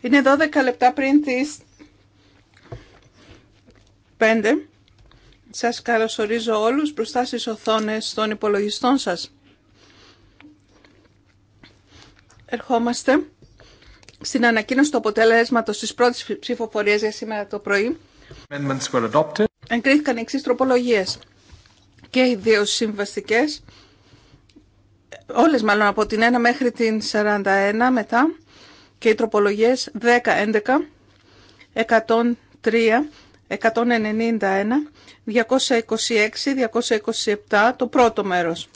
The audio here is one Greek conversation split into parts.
Είναι 12 λεπτά πριν τις 5. Σας καλωσορίζω όλους μπροστά στις οθόνες των υπολογιστών σας. Ερχόμαστε στην ανακοίνωση του αποτέλεσματος της πρώτης ψηφοφορίας για σήμερα το πρωί. Εγκρίθηκαν εξής τροπολογίες και οι δύο όλες μάλλον από την 1 μέχρι την 41 μετά και οι τροπολογίες 10, 11, 103, 191, 226, 227, το πρώτο μέρος.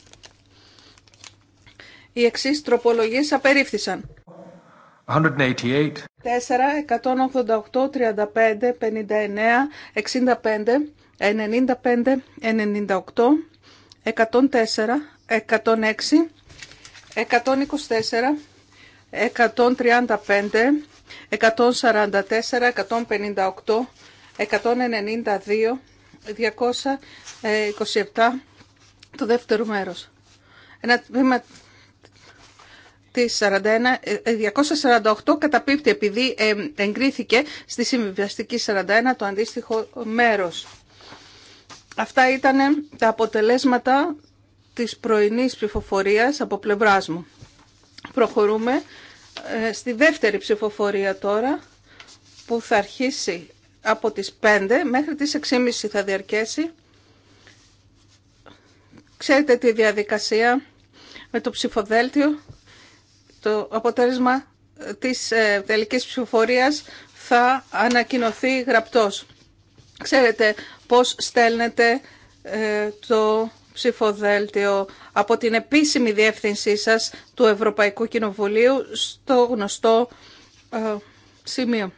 Οι εξή τροπολογίες απερίφθησαν. 188. 4, 188, 35, 59, 65, 95, 98, 104, 106, 124, 135, 144, 158, 192, 227, το δεύτερο μέρος. Ένα τμήμα 41, 248 ε, καταπίπτει επειδή ε, εγκρίθηκε στη συμβιβαστική 41 το αντίστοιχο μέρος. Αυτά ήταν τα αποτελέσματα της πρωινής ψηφοφορίας από πλευράς μου. Προχωρούμε ε, στη δεύτερη ψηφοφορία τώρα που θα αρχίσει από τις 5 μέχρι τις 6.30 θα διαρκέσει. Ξέρετε τη διαδικασία με το ψηφοδέλτιο. Το αποτέλεσμα της ε, τελικής ψηφοφορίας θα ανακοινωθεί γραπτός. Ξέρετε πώς στέλνετε ε, το ψηφοδέλτιο από την επίσημη διεύθυνσή σας του Ευρωπαϊκού Κοινοβουλίου στο γνωστό ε, σημείο.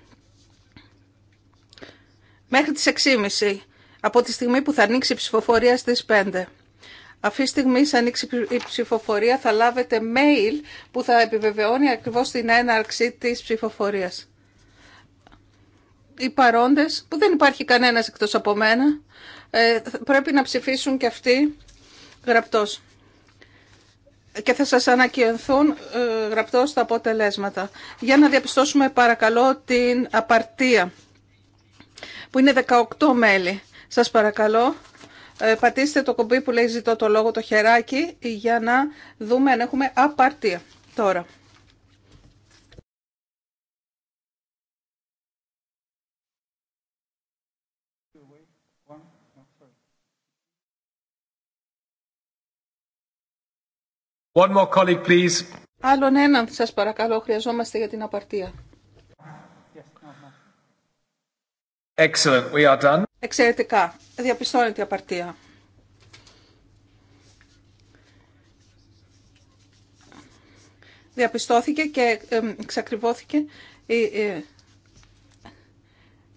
Μέχρι τις 6.30, από τη στιγμή που θα ανοίξει η ψηφοφορία στις 5. Αυτή τη στιγμή, αν ανοίξει η ψηφοφορία, θα λάβετε mail που θα επιβεβαιώνει ακριβώς την έναρξη της ψηφοφορίας. Οι παρόντες, που δεν υπάρχει κανένας εκτός από μένα, ε, πρέπει να ψηφίσουν και αυτοί γραπτός και θα σας ανακοινθούν ε, τα αποτελέσματα. Για να διαπιστώσουμε παρακαλώ την απαρτία που είναι 18 μέλη. Σας παρακαλώ ε, πατήστε το κουμπί που λέει ζητώ το λόγο το χεράκι για να δούμε αν έχουμε απαρτία τώρα. Άλλον έναν, σας παρακαλώ, χρειαζόμαστε για την απαρτία. Excellent. We are done. Εξαιρετικά. Διαπιστώνεται η απαρτία. Διαπιστώθηκε και εξακριβώθηκε η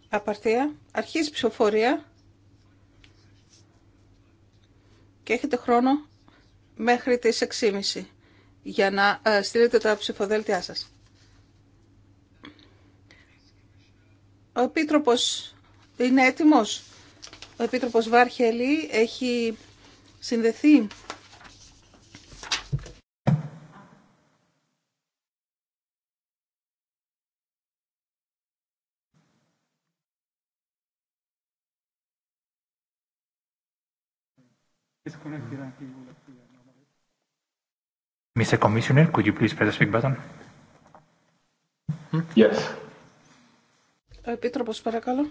απαρτία. Αρχίζει ψηφοφορία και έχετε χρόνο μέχρι τις 6.30 για να ε, στείλετε τα ψηφοδέλτιά σας. Ο Επίτροπος είναι έτοιμος. Ο Επίτροπος Βάρχελη έχει συνδεθεί. Mr. Commissioner, could you please press the hmm? Yes. Επίτροπος, παρακαλώ.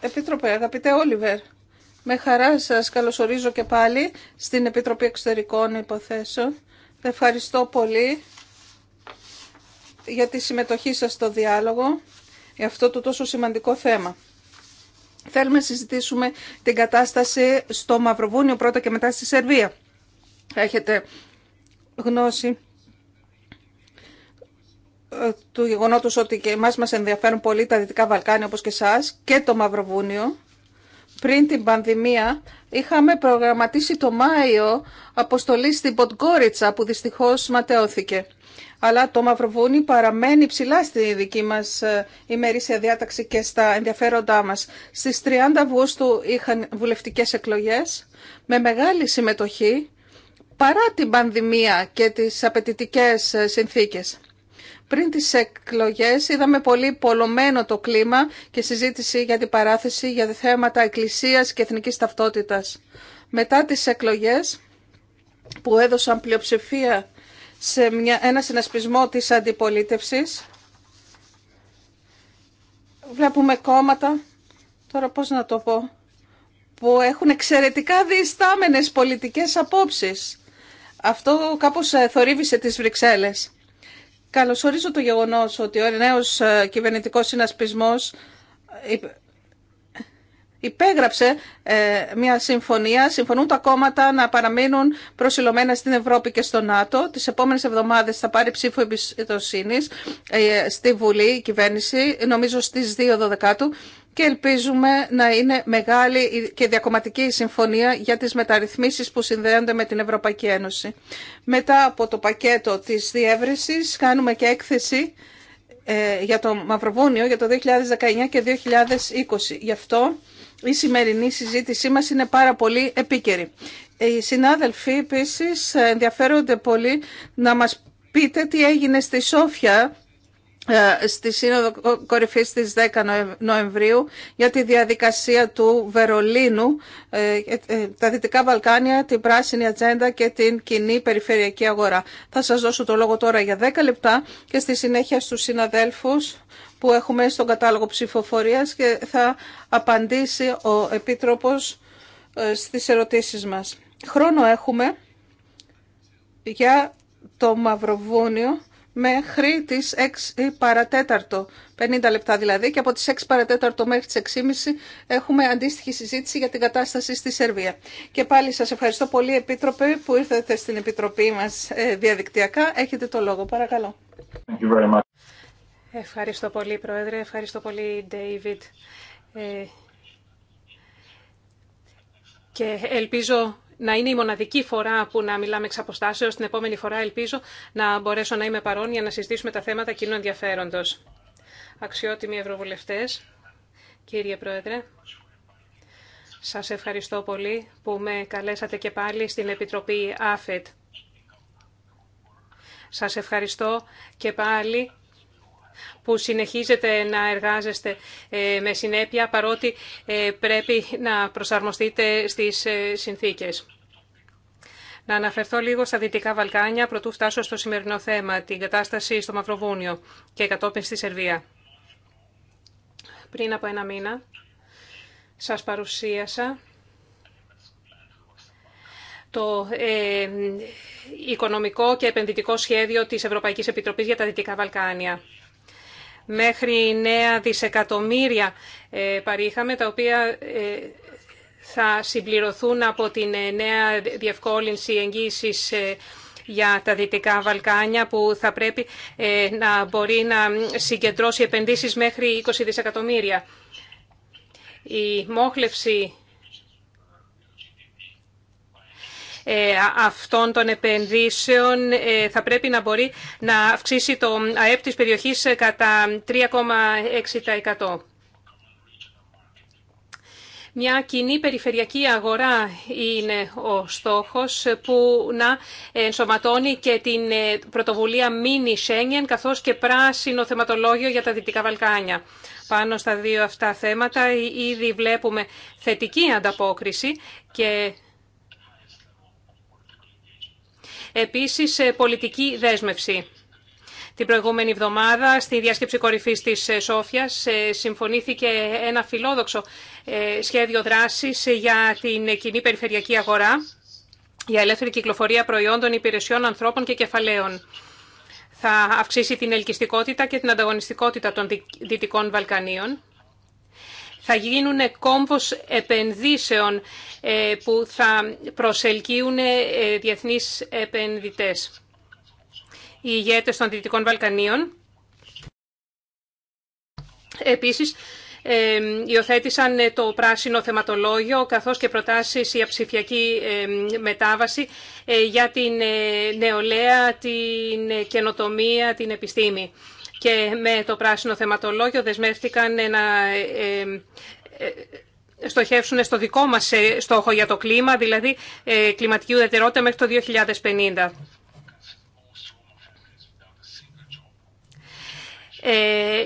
Επίτροπε, αγαπητέ Όλιβερ, με χαρά σας καλωσορίζω και πάλι στην Επιτροπή Εξωτερικών Υποθέσεων. Ευχαριστώ πολύ για τη συμμετοχή σας στο διάλογο για αυτό το τόσο σημαντικό θέμα. Θέλουμε να συζητήσουμε την κατάσταση στο Μαυροβούνιο πρώτα και μετά στη Σερβία. Έχετε γνώση ε, του γεγονότος ότι και εμάς μας ενδιαφέρουν πολύ τα Δυτικά Βαλκάνια όπως και σας, και το Μαυροβούνιο. Πριν την πανδημία είχαμε προγραμματίσει το Μάιο αποστολή στην Ποτγκόριτσα που δυστυχώς ματαιώθηκε. Αλλά το Μαυροβούνι παραμένει ψηλά στη δική μας ε, ημερήσια διάταξη και στα ενδιαφέροντά μας. Στις 30 Αυγούστου είχαν βουλευτικές εκλογές με μεγάλη συμμετοχή παρά την πανδημία και τις απαιτητικέ ε, συνθήκες. Πριν τις εκλογές είδαμε πολύ πολλωμένο το κλίμα και συζήτηση για την παράθεση για θέματα εκκλησίας και εθνικής ταυτότητας. Μετά τις εκλογές που έδωσαν πλειοψηφία σε μια, ένα συνασπισμό της αντιπολίτευσης, βλέπουμε κόμματα, τώρα πώς να το πω, που έχουν εξαιρετικά διστάμενες πολιτικές απόψεις αυτό κάπως ε, θορύβησε τις Βρυξέλλες. Καλωσορίζω το γεγονός ότι ο νέος ε, κυβερνητικός συνασπισμός ε, υπέγραψε μια συμφωνία. Συμφωνούν τα κόμματα να παραμείνουν προσιλωμένα στην Ευρώπη και στο ΝΑΤΟ. Τις επόμενες εβδομάδες θα πάρει ψήφο εμπιστοσύνη στη Βουλή η κυβέρνηση, νομίζω στις 2 Δεκάτου και ελπίζουμε να είναι μεγάλη και διακομματική η συμφωνία για τις μεταρρυθμίσεις που συνδέονται με την Ευρωπαϊκή Ένωση. Μετά από το πακέτο της διεύρυνσης κάνουμε και έκθεση ε, για το Μαυροβούνιο για το 2019 και 2020. Γι' αυτό η σημερινή συζήτησή μας είναι πάρα πολύ επίκαιρη. Ε, οι συνάδελφοι επίσης ενδιαφέρονται πολύ να μας πείτε τι έγινε στη Σόφια ε, στη Σύνοδο Κορυφής της 10 Νοεμβρίου για τη διαδικασία του Βερολίνου, ε, ε, τα Δυτικά Βαλκάνια, την Πράσινη Ατζέντα και την Κοινή Περιφερειακή Αγορά. Θα σας δώσω το λόγο τώρα για 10 λεπτά και στη συνέχεια στους συναδέλφους που έχουμε στον κατάλογο ψηφοφορίας και θα απαντήσει ο Επίτροπος στις ερωτήσεις μας. Χρόνο έχουμε για το Μαυροβούνιο μέχρι τι 6 παρατέταρτο, 50 λεπτά δηλαδή, και από τις 6 παρατέταρτο μέχρι τις 6.30 έχουμε αντίστοιχη συζήτηση για την κατάσταση στη Σερβία. Και πάλι σας ευχαριστώ πολύ, Επίτροπε, που ήρθατε στην Επιτροπή μας ε, διαδικτυακά. Έχετε το λόγο, παρακαλώ. Ευχαριστώ πολύ, Πρόεδρε. Ευχαριστώ πολύ, David. Ε, και ελπίζω να είναι η μοναδική φορά που να μιλάμε εξ αποστάσεω. Την επόμενη φορά ελπίζω να μπορέσω να είμαι παρόν για να συζητήσουμε τα θέματα κοινού ενδιαφέροντο. Αξιότιμοι Ευρωβουλευτές, κύριε Πρόεδρε, σας ευχαριστώ πολύ που με καλέσατε και πάλι στην Επιτροπή ΑΦΕΤ. Σας ευχαριστώ και πάλι που συνεχίζετε να εργάζεστε ε, με συνέπεια παρότι ε, πρέπει να προσαρμοστείτε στις ε, συνθήκες. Να αναφερθώ λίγο στα Δυτικά Βαλκάνια προτού φτάσω στο σημερινό θέμα, την κατάσταση στο Μαυροβούνιο και κατόπιν στη Σερβία. Πριν από ένα μήνα σας παρουσίασα το οικονομικό και επενδυτικό σχέδιο της Ευρωπαϊκής Επιτροπής για τα Δυτικά Βαλκάνια μέχρι 9 δισεκατομμύρια ε, παρήχαμε, τα οποία ε, θα συμπληρωθούν από την ε, νέα διευκόλυνση εγγύησης για τα Δυτικά Βαλκάνια που θα πρέπει να μπορεί να συγκεντρώσει επενδύσεις μέχρι 20 δισεκατομμύρια. Η μόχλευση Ε, αυτών των επενδύσεων ε, θα πρέπει να μπορεί να αυξήσει το ΑΕΠ της περιοχής ε, κατά 3,6%. Μια κοινή περιφερειακή αγορά είναι ο στόχος που να ενσωματώνει και την πρωτοβουλία Mini Schengen καθώς και πράσινο θεματολόγιο για τα Δυτικά Βαλκάνια. Πάνω στα δύο αυτά θέματα ήδη βλέπουμε θετική ανταπόκριση και Επίση, ε, πολιτική δέσμευση. Την προηγούμενη εβδομάδα, στη διάσκεψη κορυφής της ε, Σόφιας, ε, συμφωνήθηκε ένα φιλόδοξο σχέδιο δράσης για την κοινή περιφερειακή αγορά, για ελεύθερη κυκλοφορία προϊόντων, υπηρεσιών, ανθρώπων και κεφαλαίων. Θα αυξήσει την ελκυστικότητα και την ανταγωνιστικότητα των Δυτικών Βαλκανίων θα γίνουν κόμβος επενδύσεων ε, που θα προσελκύουν ε, διεθνείς επενδυτές. Οι ηγέτες των Δυτικών Βαλκανίων επίσης ε, υιοθέτησαν το πράσινο θεματολόγιο καθώς και προτάσεις για ψηφιακή μετάβαση για την νεολαία, την καινοτομία, την επιστήμη και με το πράσινο θεματολόγιο δεσμεύτηκαν να ε, ε, στοχεύσουν στο δικό μας ε, στόχο για το κλίμα, δηλαδή κλιματική ουδετερότητα μέχρι το 2050. Ε,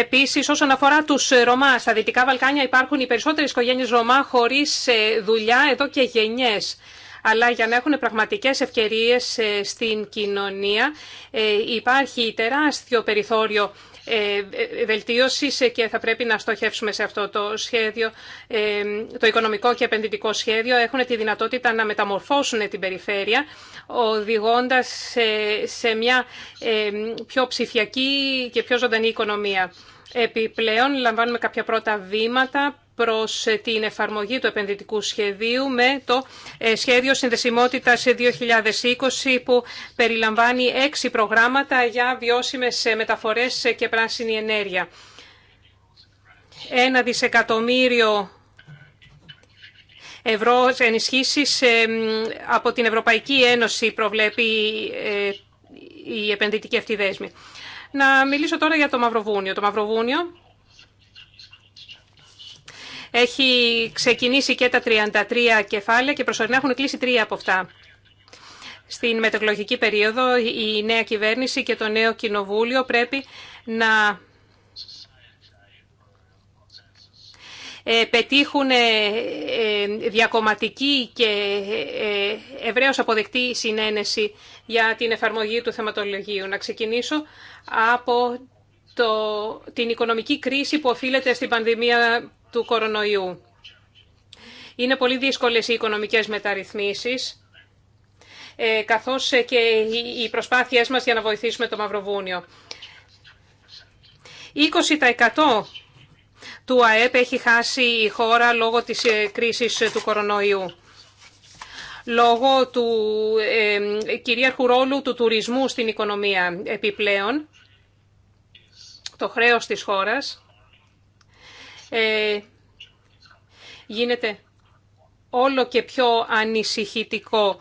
επίσης, όσον αφορά τους Ρωμά, στα Δυτικά Βαλκάνια υπάρχουν οι περισσότερες οικογένειες Ρωμά χωρίς δουλειά εδώ και γενιές αλλά για να έχουν πραγματικές ευκαιρίες ε, στην κοινωνία ε, υπάρχει τεράστιο περιθώριο ε, βελτίωση και θα πρέπει να στοχεύσουμε σε αυτό το σχέδιο. Το οικονομικό και επενδυτικό σχέδιο έχουν τη δυνατότητα να μεταμορφώσουν την περιφέρεια οδηγώντας σε μια πιο ψηφιακή και πιο ζωντανή οικονομία. Επιπλέον λαμβάνουμε κάποια πρώτα βήματα προς ε, την εφαρμογή του επενδυτικού σχεδίου με το ε, σχέδιο συνδεσιμότητας 2020 που περιλαμβάνει έξι προγράμματα για βιώσιμες ε, μεταφορές και πράσινη ενέργεια. Ένα δισεκατομμύριο ευρώ ενισχύσεις από την Ευρωπαϊκή Ένωση προβλέπει η επενδυτική αυτή δέσμη. Να μιλήσω τώρα για το Μαυροβούνιο. Το Μαυροβούνιο έχει ξεκινήσει και τα 33 κεφάλαια και προσωρινά έχουν κλείσει τρία από αυτά. Στην μετεκλογική περίοδο η νέα κυβέρνηση και το νέο κοινοβούλιο πρέπει να ε, πετύχουν ε, ε, διακομματική και ευρέως αποδεκτή συνένεση για την εφαρμογή του θεματολογίου. Να ξεκινήσω από το, την οικονομική κρίση που οφείλεται στην πανδημία του κορονοϊού. Είναι πολύ δύσκολες οι οικονομικές μεταρρυθμίσεις, ε, καθώς ε, και οι προσπάθειές μας για να βοηθήσουμε το Μαυροβούνιο. 20% του ΑΕΠ έχει χάσει η χώρα λόγω της ε, κρίσης του κορονοϊού. Λόγω του ε, κυρίαρχου ρόλου του τουρισμού στην οικονομία επιπλέον, το χρέος της χώρας ε, γίνεται όλο και πιο ανησυχητικό.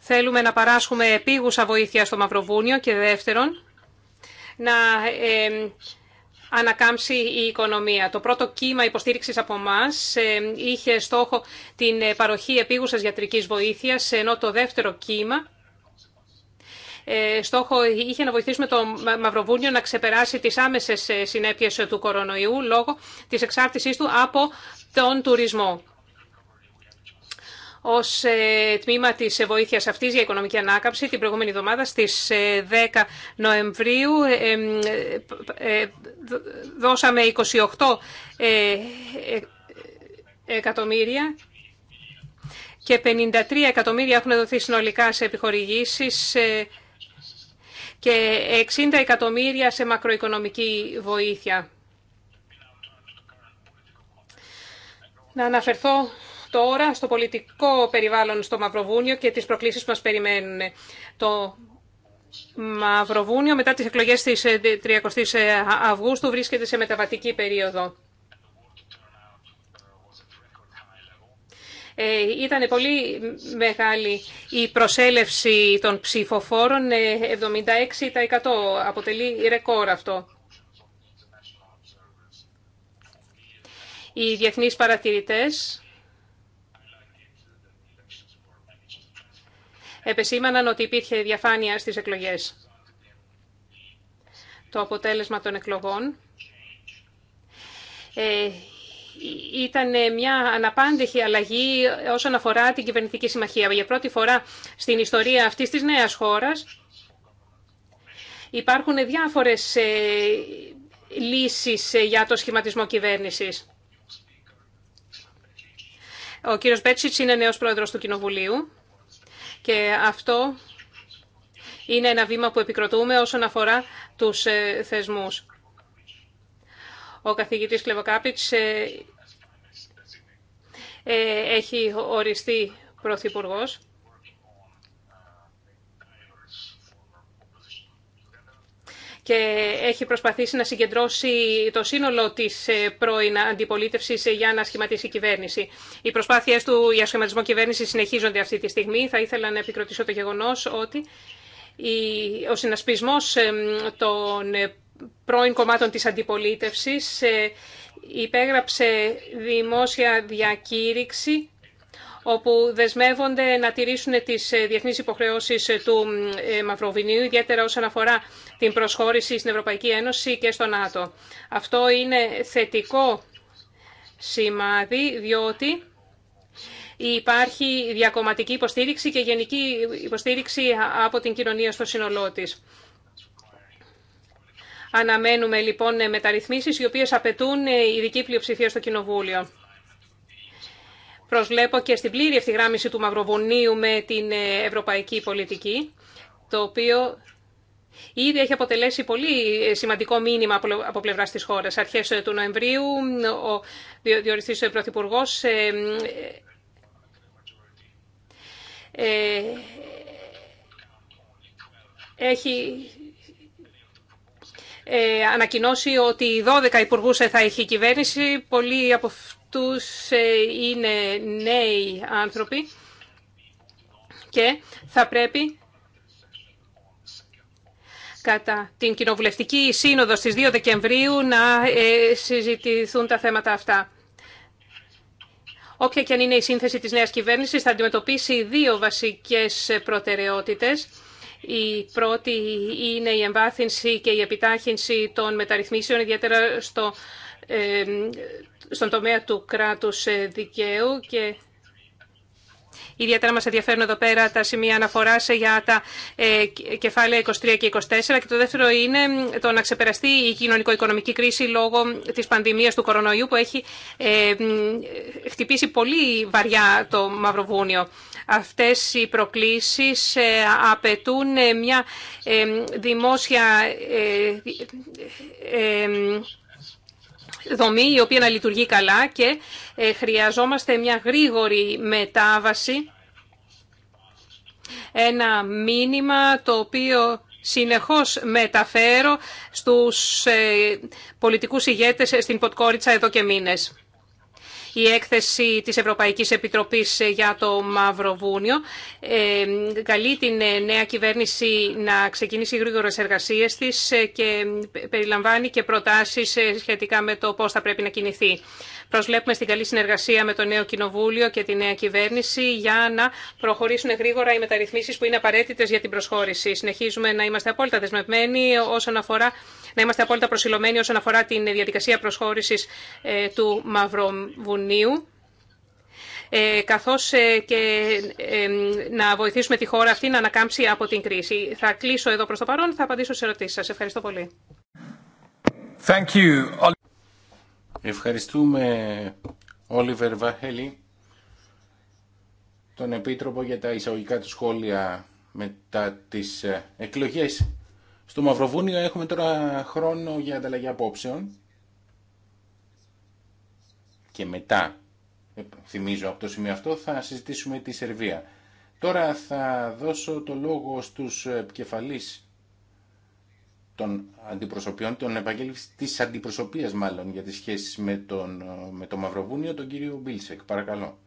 Θέλουμε να παράσχουμε επίγουσα βοήθεια στο Μαυροβούνιο και δεύτερον, να ε, ανακάμψει η οικονομία. Το πρώτο κύμα υποστήριξης από εμά είχε στόχο την παροχή επίγουσας γιατρικής βοήθειας, ενώ το δεύτερο κύμα ε, στόχο είχε να βοηθήσουμε το Μαυροβούνιο να ξεπεράσει τις άμεσες ε, συνέπειες ε, του κορονοϊού λόγω της εξάρτησής του από τον τουρισμό. Ως τμήμα της βοήθειας αυτής για οικονομική ανάκαμψη, την προηγούμενη εβδομάδα στις 10 Νοεμβρίου δώσαμε 28 εκατομμύρια και 53 εκατομμύρια έχουν δοθεί συνολικά σε επιχορηγήσεις και 60 εκατομμύρια σε μακροοικονομική βοήθεια. Να αναφερθώ τώρα στο πολιτικό περιβάλλον στο Μαυροβούνιο και τις προκλήσεις που μας περιμένουν. Το Μαυροβούνιο μετά τις εκλογές της 30 ε, ε, Αυγούστου βρίσκεται σε μεταβατική περίοδο. Ε, ήταν πολύ μεγάλη η προσέλευση των ψηφοφόρων, 76% ε, αποτελεί ρεκόρ αυτό. Οι διεθνείς παρατηρητές επεσήμαναν ότι υπήρχε διαφάνεια στις εκλογές. Το αποτέλεσμα των εκλογών ε, ήταν μια αναπάντεχη αλλαγή όσον αφορά την κυβερνητική συμμαχία. Για πρώτη φορά στην ιστορία αυτής της νέας χώρας υπάρχουν διάφορες ε, λύσεις ε, για το σχηματισμό κυβέρνησης. Ο κύριος Μπέτσιτς είναι νέος πρόεδρος του Κοινοβουλίου και αυτό είναι ένα βήμα που επικροτούμε όσον αφορά τους ε, θεσμούς. Ο καθηγητής Κλεβοκάπιτς ε, ε, έχει οριστεί πρωθυπουργός. και έχει προσπαθήσει να συγκεντρώσει το σύνολο τη ε, πρώην αντιπολίτευση για να σχηματίσει κυβέρνηση. Οι προσπάθειέ του για σχηματισμό κυβέρνηση συνεχίζονται αυτή τη στιγμή. Θα ήθελα να επικροτήσω το γεγονό ότι ο συνασπισμό των πρώην κομμάτων της αντιπολίτευσης ε, υπέγραψε δημόσια διακήρυξη όπου δεσμεύονται να τηρήσουν τις ε, διεθνείς υποχρεώσεις ε, του Μαυροβινίου, ιδιαίτερα όσον αφορά την προσχώρηση στην Ευρωπαϊκή Ένωση και στο ΝΑΤΟ. Αυτό είναι θετικό σημάδι, διότι υπάρχει διακομματική υποστήριξη και γενική υποστήριξη από την κοινωνία στο σύνολό της. Αναμένουμε λοιπόν μεταρρυθμίσεις οι οποίες απαιτούν ε, ειδική πλειοψηφία στο Κοινοβούλιο. Προσβλέπω και στην πλήρη ευθυγράμμιση του Μαυροβουνίου με την ε, ευρωπαϊκή πολιτική, το οποίο ήδη έχει αποτελέσει πολύ ε, σημαντικό μήνυμα από πλευρά τη χώρα. Αρχέ του Νοεμβρίου, ο διοριστή Πρωθυπουργό έχει ε, ανακοινώσει ότι 12 υπουργού θα έχει κυβέρνηση. Πολλοί από αυτού ε, είναι νέοι άνθρωποι και θα πρέπει κατά την κοινοβουλευτική σύνοδο στις 2 Δεκεμβρίου να ε, συζητηθούν τα θέματα αυτά. Όποια και αν είναι η σύνθεση της νέας κυβέρνησης θα αντιμετωπίσει δύο βασικές προτεραιότητες. Η πρώτη είναι η εμβάθυνση και η επιτάχυνση των μεταρρυθμίσεων, ιδιαίτερα στο, ε, στον τομέα του κράτους ε, δικαίου και Ιδιαίτερα μα ενδιαφέρουν εδώ πέρα τα σημεία αναφοράς για τα ε, κεφάλαια 23 και 24 και το δεύτερο είναι ε, το να ξεπεραστεί η κοινωνικο-οικονομική κρίση λόγω της πανδημίας του κορονοϊού που έχει ε, χτυπήσει πολύ βαριά το Μαυροβούνιο. Αυτές οι προκλήσεις απαιτούν μια δημόσια δομή η οποία να λειτουργεί καλά και ε, χρειαζόμαστε μια γρήγορη μετάβαση, ένα μήνυμα το οποίο συνεχώς μεταφέρω στους ε, πολιτικούς ηγέτες στην Ποτκόριτσα εδώ και μήνες η έκθεση της Ευρωπαϊκής Επιτροπής για το Μαυροβούνιο. Ε, καλεί την νέα κυβέρνηση να ξεκινήσει γρήγορε εργασίες της και περιλαμβάνει και προτάσεις σχετικά με το πώς θα πρέπει να κινηθεί. Προσβλέπουμε στην καλή συνεργασία με το νέο Κοινοβούλιο και τη νέα κυβέρνηση για να προχωρήσουν γρήγορα οι μεταρρυθμίσεις που είναι απαραίτητες για την προσχώρηση. Συνεχίζουμε να είμαστε απόλυτα δεσμευμένοι όσον αφορά να είμαστε απόλυτα προσιλωμένοι όσον αφορά την διαδικασία προσχώρησης ε, του Μαυροβουνίου ε, καθώς ε, και να βοηθήσουμε τη χώρα αυτή να ανακάμψει από την κρίση. Θα κλείσω εδώ προς το παρόν, θα απαντήσω σε ερωτήσεις σας. Ευχαριστώ πολύ. Thank you. Ευχαριστούμε, Όλιβερ Βαχέλη, τον Επίτροπο για τα εισαγωγικά του σχόλια μετά τις εκλογές. Στο Μαυροβούνιο έχουμε τώρα χρόνο για ανταλλαγή απόψεων και μετά, ε, θυμίζω από το σημείο αυτό, θα συζητήσουμε τη Σερβία. Τώρα θα δώσω το λόγο στους επικεφαλείς των αντιπροσωπιών, των επαγγέλευση της αντιπροσωπίας μάλλον για τις σχέσεις με, τον, με το Μαυροβούνιο, τον κύριο Μπίλσεκ. Παρακαλώ.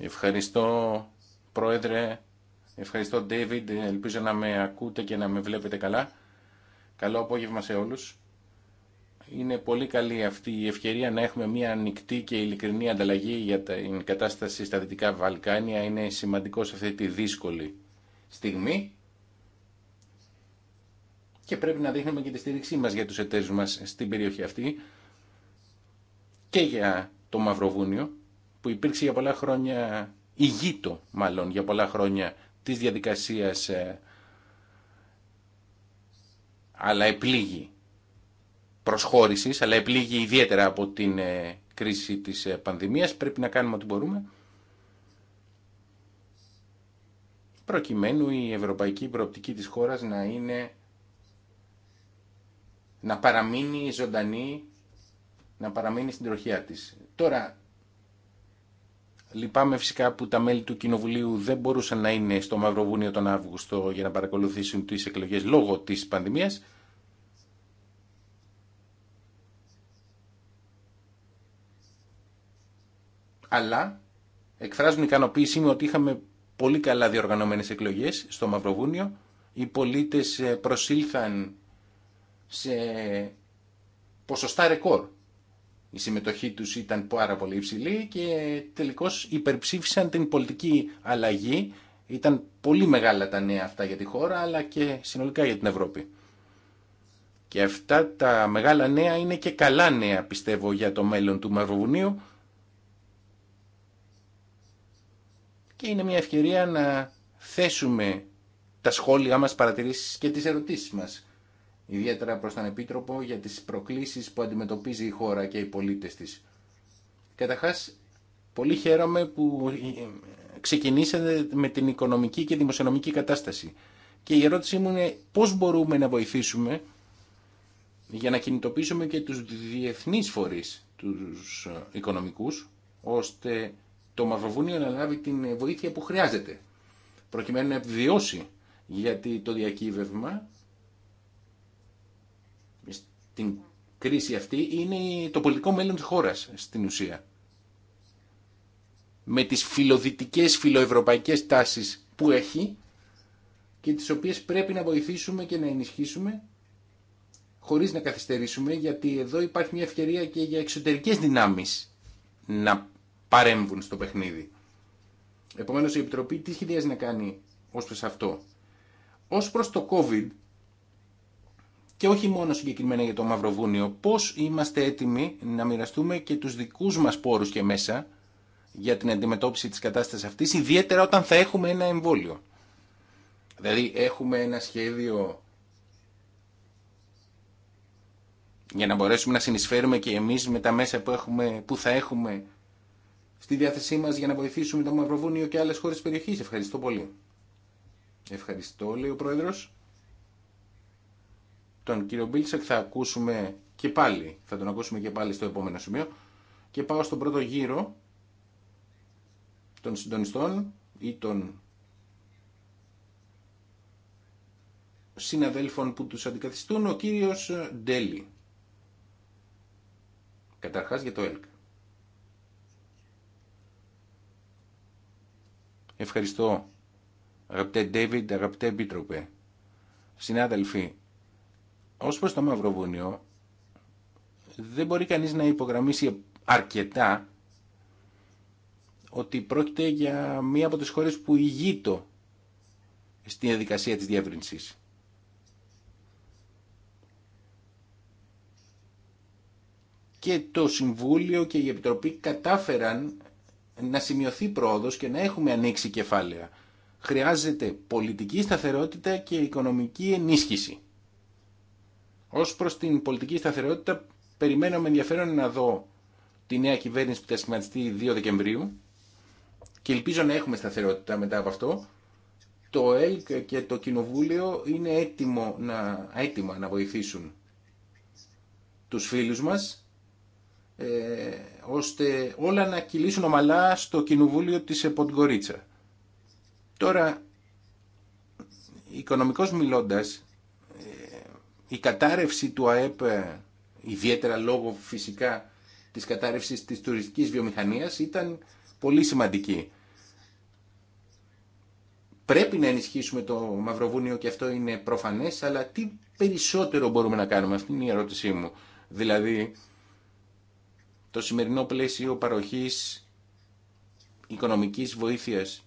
Ευχαριστώ Πρόεδρε, ευχαριστώ Ντέιβιντ, ελπίζω να με ακούτε και να με βλέπετε καλά. Καλό απόγευμα σε όλους. Είναι πολύ καλή αυτή η ευκαιρία να έχουμε μια ανοιχτή και ειλικρινή ανταλλαγή για την κατάσταση στα Δυτικά Βαλκάνια. Είναι σημαντικό σε αυτή τη δύσκολη στιγμή και πρέπει να δείχνουμε και τη στήριξή μας για τους εταίρους μας στην περιοχή αυτή και για το Μαυροβούνιο που υπήρξε για πολλά χρόνια, ηγείτο μάλλον για πολλά χρόνια της διαδικασίας ε, αλλά επλήγει προσχώρησης, αλλά επλήγει ιδιαίτερα από την ε, κρίση της ε, πανδημίας. Πρέπει να κάνουμε ό,τι μπορούμε. Προκειμένου η ευρωπαϊκή προοπτική της χώρας να είναι να παραμείνει ζωντανή, να παραμείνει στην τροχιά της. Τώρα, Λυπάμαι φυσικά που τα μέλη του Κοινοβουλίου δεν μπορούσαν να είναι στο Μαυροβούνιο τον Αύγουστο για να παρακολουθήσουν τις εκλογές λόγω της πανδημίας. Αλλά εκφράζουν ικανοποίησή μου ότι είχαμε πολύ καλά διοργανωμένες εκλογές στο Μαυροβούνιο. Οι πολίτες ε, προσήλθαν σε ποσοστά ρεκόρ η συμμετοχή τους ήταν πάρα πολύ υψηλή και τελικώς υπερψήφισαν την πολιτική αλλαγή. Ήταν πολύ μεγάλα τα νέα αυτά για τη χώρα αλλά και συνολικά για την Ευρώπη. Και αυτά τα μεγάλα νέα είναι και καλά νέα πιστεύω για το μέλλον του Μαυροβουνίου και είναι μια ευκαιρία να θέσουμε τα σχόλια μας, παρατηρήσεις και τις ερωτήσεις μας ιδιαίτερα προς τον Επίτροπο για τις προκλήσεις που αντιμετωπίζει η χώρα και οι πολίτες της. Καταρχά, πολύ χαίρομαι που ξεκινήσατε με την οικονομική και δημοσιονομική κατάσταση. Και η ερώτησή μου είναι πώς μπορούμε να βοηθήσουμε για να κινητοποιήσουμε και τους διεθνείς φορείς, τους οικονομικούς, ώστε το Μαυροβούνιο να λάβει την βοήθεια που χρειάζεται, προκειμένου να επιβιώσει γιατί το διακύβευμα την κρίση αυτή είναι το πολιτικό μέλλον της χώρας στην ουσία. Με τις φιλοδυτικές, φιλοευρωπαϊκές τάσεις που έχει και τις οποίες πρέπει να βοηθήσουμε και να ενισχύσουμε χωρίς να καθυστερήσουμε γιατί εδώ υπάρχει μια ευκαιρία και για εξωτερικές δυνάμεις να παρέμβουν στο παιχνίδι. Επομένως η Επιτροπή τι σχεδιάζει να κάνει ως προς αυτό. Ως προς το COVID και όχι μόνο συγκεκριμένα για το Μαυροβούνιο, πώς είμαστε έτοιμοι να μοιραστούμε και τους δικούς μας πόρους και μέσα για την αντιμετώπιση της κατάστασης αυτής, ιδιαίτερα όταν θα έχουμε ένα εμβόλιο. Δηλαδή έχουμε ένα σχέδιο για να μπορέσουμε να συνεισφέρουμε και εμείς με τα μέσα που, έχουμε, που θα έχουμε στη διάθεσή μας για να βοηθήσουμε το Μαυροβούνιο και άλλες χώρες περιοχής. Ευχαριστώ πολύ. Ευχαριστώ, λέει ο Πρόεδρος τον κύριο Μπίλτσεκ θα ακούσουμε και πάλι, θα τον ακούσουμε και πάλι στο επόμενο σημείο και πάω στον πρώτο γύρο των συντονιστών ή των συναδέλφων που τους αντικαθιστούν ο κύριος Ντέλη. Καταρχάς για το ΕΛΚ. Ευχαριστώ αγαπητέ Ντέιβιντ, αγαπητέ Επίτροπε. Συνάδελφοι, ως προς το Μαυροβούνιο, δεν μπορεί κανείς να υπογραμμίσει αρκετά ότι πρόκειται για μία από τις χώρες που ηγείτο στη διαδικασία της διεύρυνσης. Και το Συμβούλιο και η Επιτροπή κατάφεραν να σημειωθεί πρόοδος και να έχουμε ανοίξει κεφάλαια. Χρειάζεται πολιτική σταθερότητα και οικονομική ενίσχυση. Ως προς την πολιτική σταθερότητα περιμένω με ενδιαφέρον να δω τη νέα κυβέρνηση που θα σχηματιστεί 2 Δεκεμβρίου και ελπίζω να έχουμε σταθερότητα μετά από αυτό. Το ΕΛΚ και το Κοινοβούλιο είναι έτοιμο να, έτοιμα να βοηθήσουν τους φίλους μας ε, ώστε όλα να κυλήσουν ομαλά στο Κοινοβούλιο της Ποντγκορίτσα. Τώρα, οικονομικός μιλώντας, η κατάρρευση του ΑΕΠ, ε, ιδιαίτερα λόγω φυσικά της κατάρρευσης της τουριστικής βιομηχανίας, ήταν πολύ σημαντική. Πρέπει να ενισχύσουμε το Μαυροβούνιο και αυτό είναι προφανές, αλλά τι περισσότερο μπορούμε να κάνουμε, αυτή είναι η ερώτησή μου. Δηλαδή, το σημερινό πλαίσιο παροχής οικονομικής βοήθειας,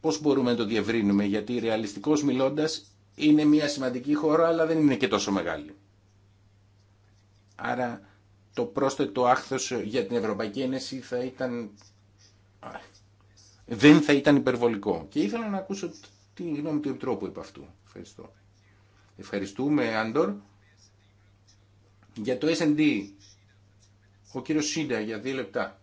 πώς μπορούμε να το διευρύνουμε, γιατί ρεαλιστικώς μιλώντας είναι μια σημαντική χώρα αλλά δεν είναι και τόσο μεγάλη. Άρα το πρόσθετο άχθος για την Ευρωπαϊκή Ένωση θα ήταν... δεν θα ήταν υπερβολικό. Και ήθελα να ακούσω τη γνώμη του Επιτρόπου επ' αυτού. Ευχαριστώ. Ευχαριστούμε, Άντορ. Για το S&D, ο κύριος Σίντα για δύο λεπτά.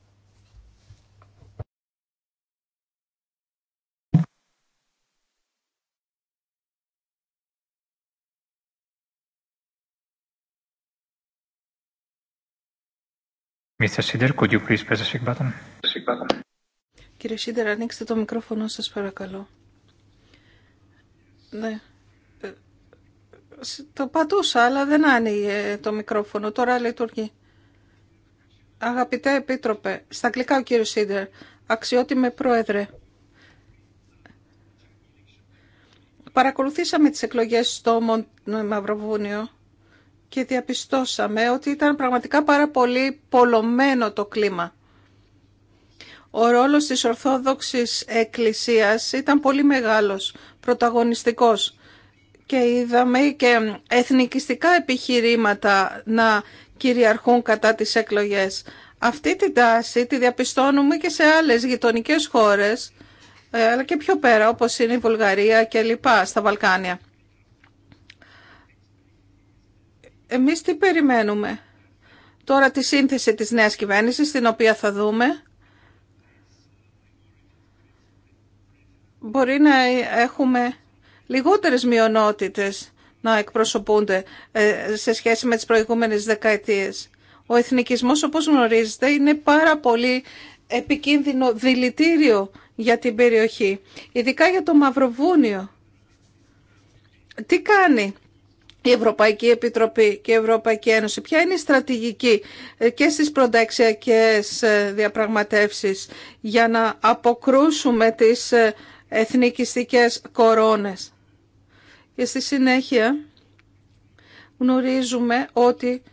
Κύριε Σίντερ, ανοίξτε το μικρόφωνο σας παρακαλώ. Ναι. Ε, το πατούσα, αλλά δεν άνοιγε ε, το μικρόφωνο. Τώρα λειτουργεί. Αγαπητέ Επίτροπε, στα αγγλικά ο κύριος Σίντερ, αξιότιμε Πρόεδρε. Παρακολουθήσαμε τις εκλογές στο Μαυροβούνιο και διαπιστώσαμε ότι ήταν πραγματικά πάρα πολύ πολλωμένο το κλίμα. Ο ρόλος της Ορθόδοξης Εκκλησίας ήταν πολύ μεγάλος, πρωταγωνιστικός και είδαμε και εθνικιστικά επιχειρήματα να κυριαρχούν κατά τις εκλογές. Αυτή την τάση τη διαπιστώνουμε και σε άλλες γειτονικές χώρες, ε, αλλά και πιο πέρα όπως είναι η Βουλγαρία και λοιπά στα Βαλκάνια. Εμείς τι περιμένουμε. Τώρα τη σύνθεση της νέας κυβέρνησης, την οποία θα δούμε. Μπορεί να έχουμε λιγότερες μειονότητες να εκπροσωπούνται ε, σε σχέση με τις προηγούμενες δεκαετίες. Ο εθνικισμός, όπως γνωρίζετε, είναι πάρα πολύ επικίνδυνο δηλητήριο για την περιοχή, ειδικά για το Μαυροβούνιο. Τι κάνει η Ευρωπαϊκή Επιτροπή και η Ευρωπαϊκή Ένωση. Ποια είναι η στρατηγική ε, και στις προνταξιακές ε, διαπραγματεύσεις για να αποκρούσουμε τις ε, εθνικιστικές κορώνες. Και στη συνέχεια γνωρίζουμε ότι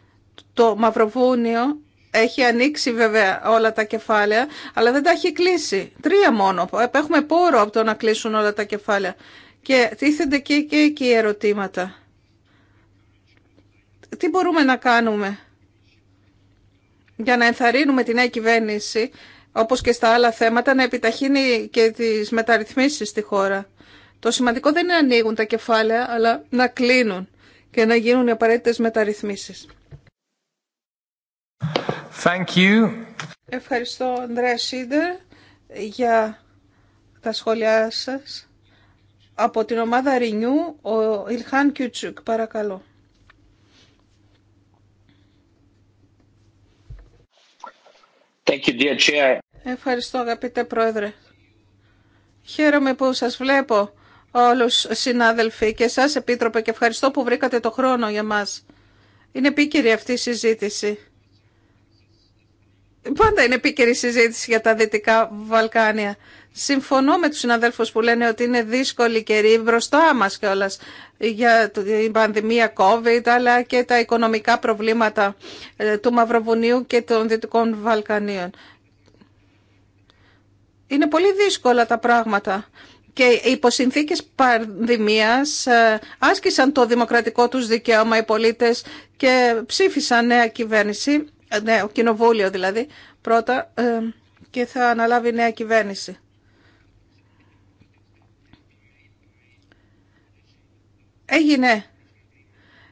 το Μαυροβούνιο έχει ανοίξει βέβαια όλα τα κεφάλαια, αλλά δεν τα έχει κλείσει. Τρία μόνο. Έχουμε πόρο από το να κλείσουν όλα τα κεφάλαια. Και τίθενται και, εκεί ερωτήματα τι μπορούμε να κάνουμε για να ενθαρρύνουμε τη νέα κυβέρνηση, όπως και στα άλλα θέματα, να επιταχύνει και τις μεταρρυθμίσεις στη χώρα. Το σημαντικό δεν είναι να ανοίγουν τα κεφάλαια, αλλά να κλείνουν και να γίνουν οι απαραίτητες μεταρρυθμίσεις. Thank you. Ευχαριστώ, Ανδρέα Σίντερ, για τα σχόλιά σας. Από την ομάδα Renew, ο Ιλχάν Κιουτσουκ, παρακαλώ. Ευχαριστώ αγαπητέ Πρόεδρε. Χαίρομαι που σας βλέπω όλους συνάδελφοι και σας Επίτροπε και ευχαριστώ που βρήκατε το χρόνο για μας. Είναι επίκαιρη αυτή η συζήτηση. Πάντα είναι επίκαιρη συζήτηση για τα Δυτικά Βαλκάνια. Συμφωνώ με τους συναδέλφους που λένε ότι είναι δύσκολη καιρή μπροστά μας κιόλα για την πανδημία COVID αλλά και τα οικονομικά προβλήματα ε, του Μαυροβουνίου και των Δυτικών Βαλκανίων. Είναι πολύ δύσκολα τα πράγματα και οι συνθήκες πανδημίας ε, άσκησαν το δημοκρατικό τους δικαίωμα οι πολίτες και ψήφισαν νέα κυβέρνηση, ε, νέο κοινοβούλιο δηλαδή πρώτα και θα αναλάβει νέα κυβέρνηση. Έγινε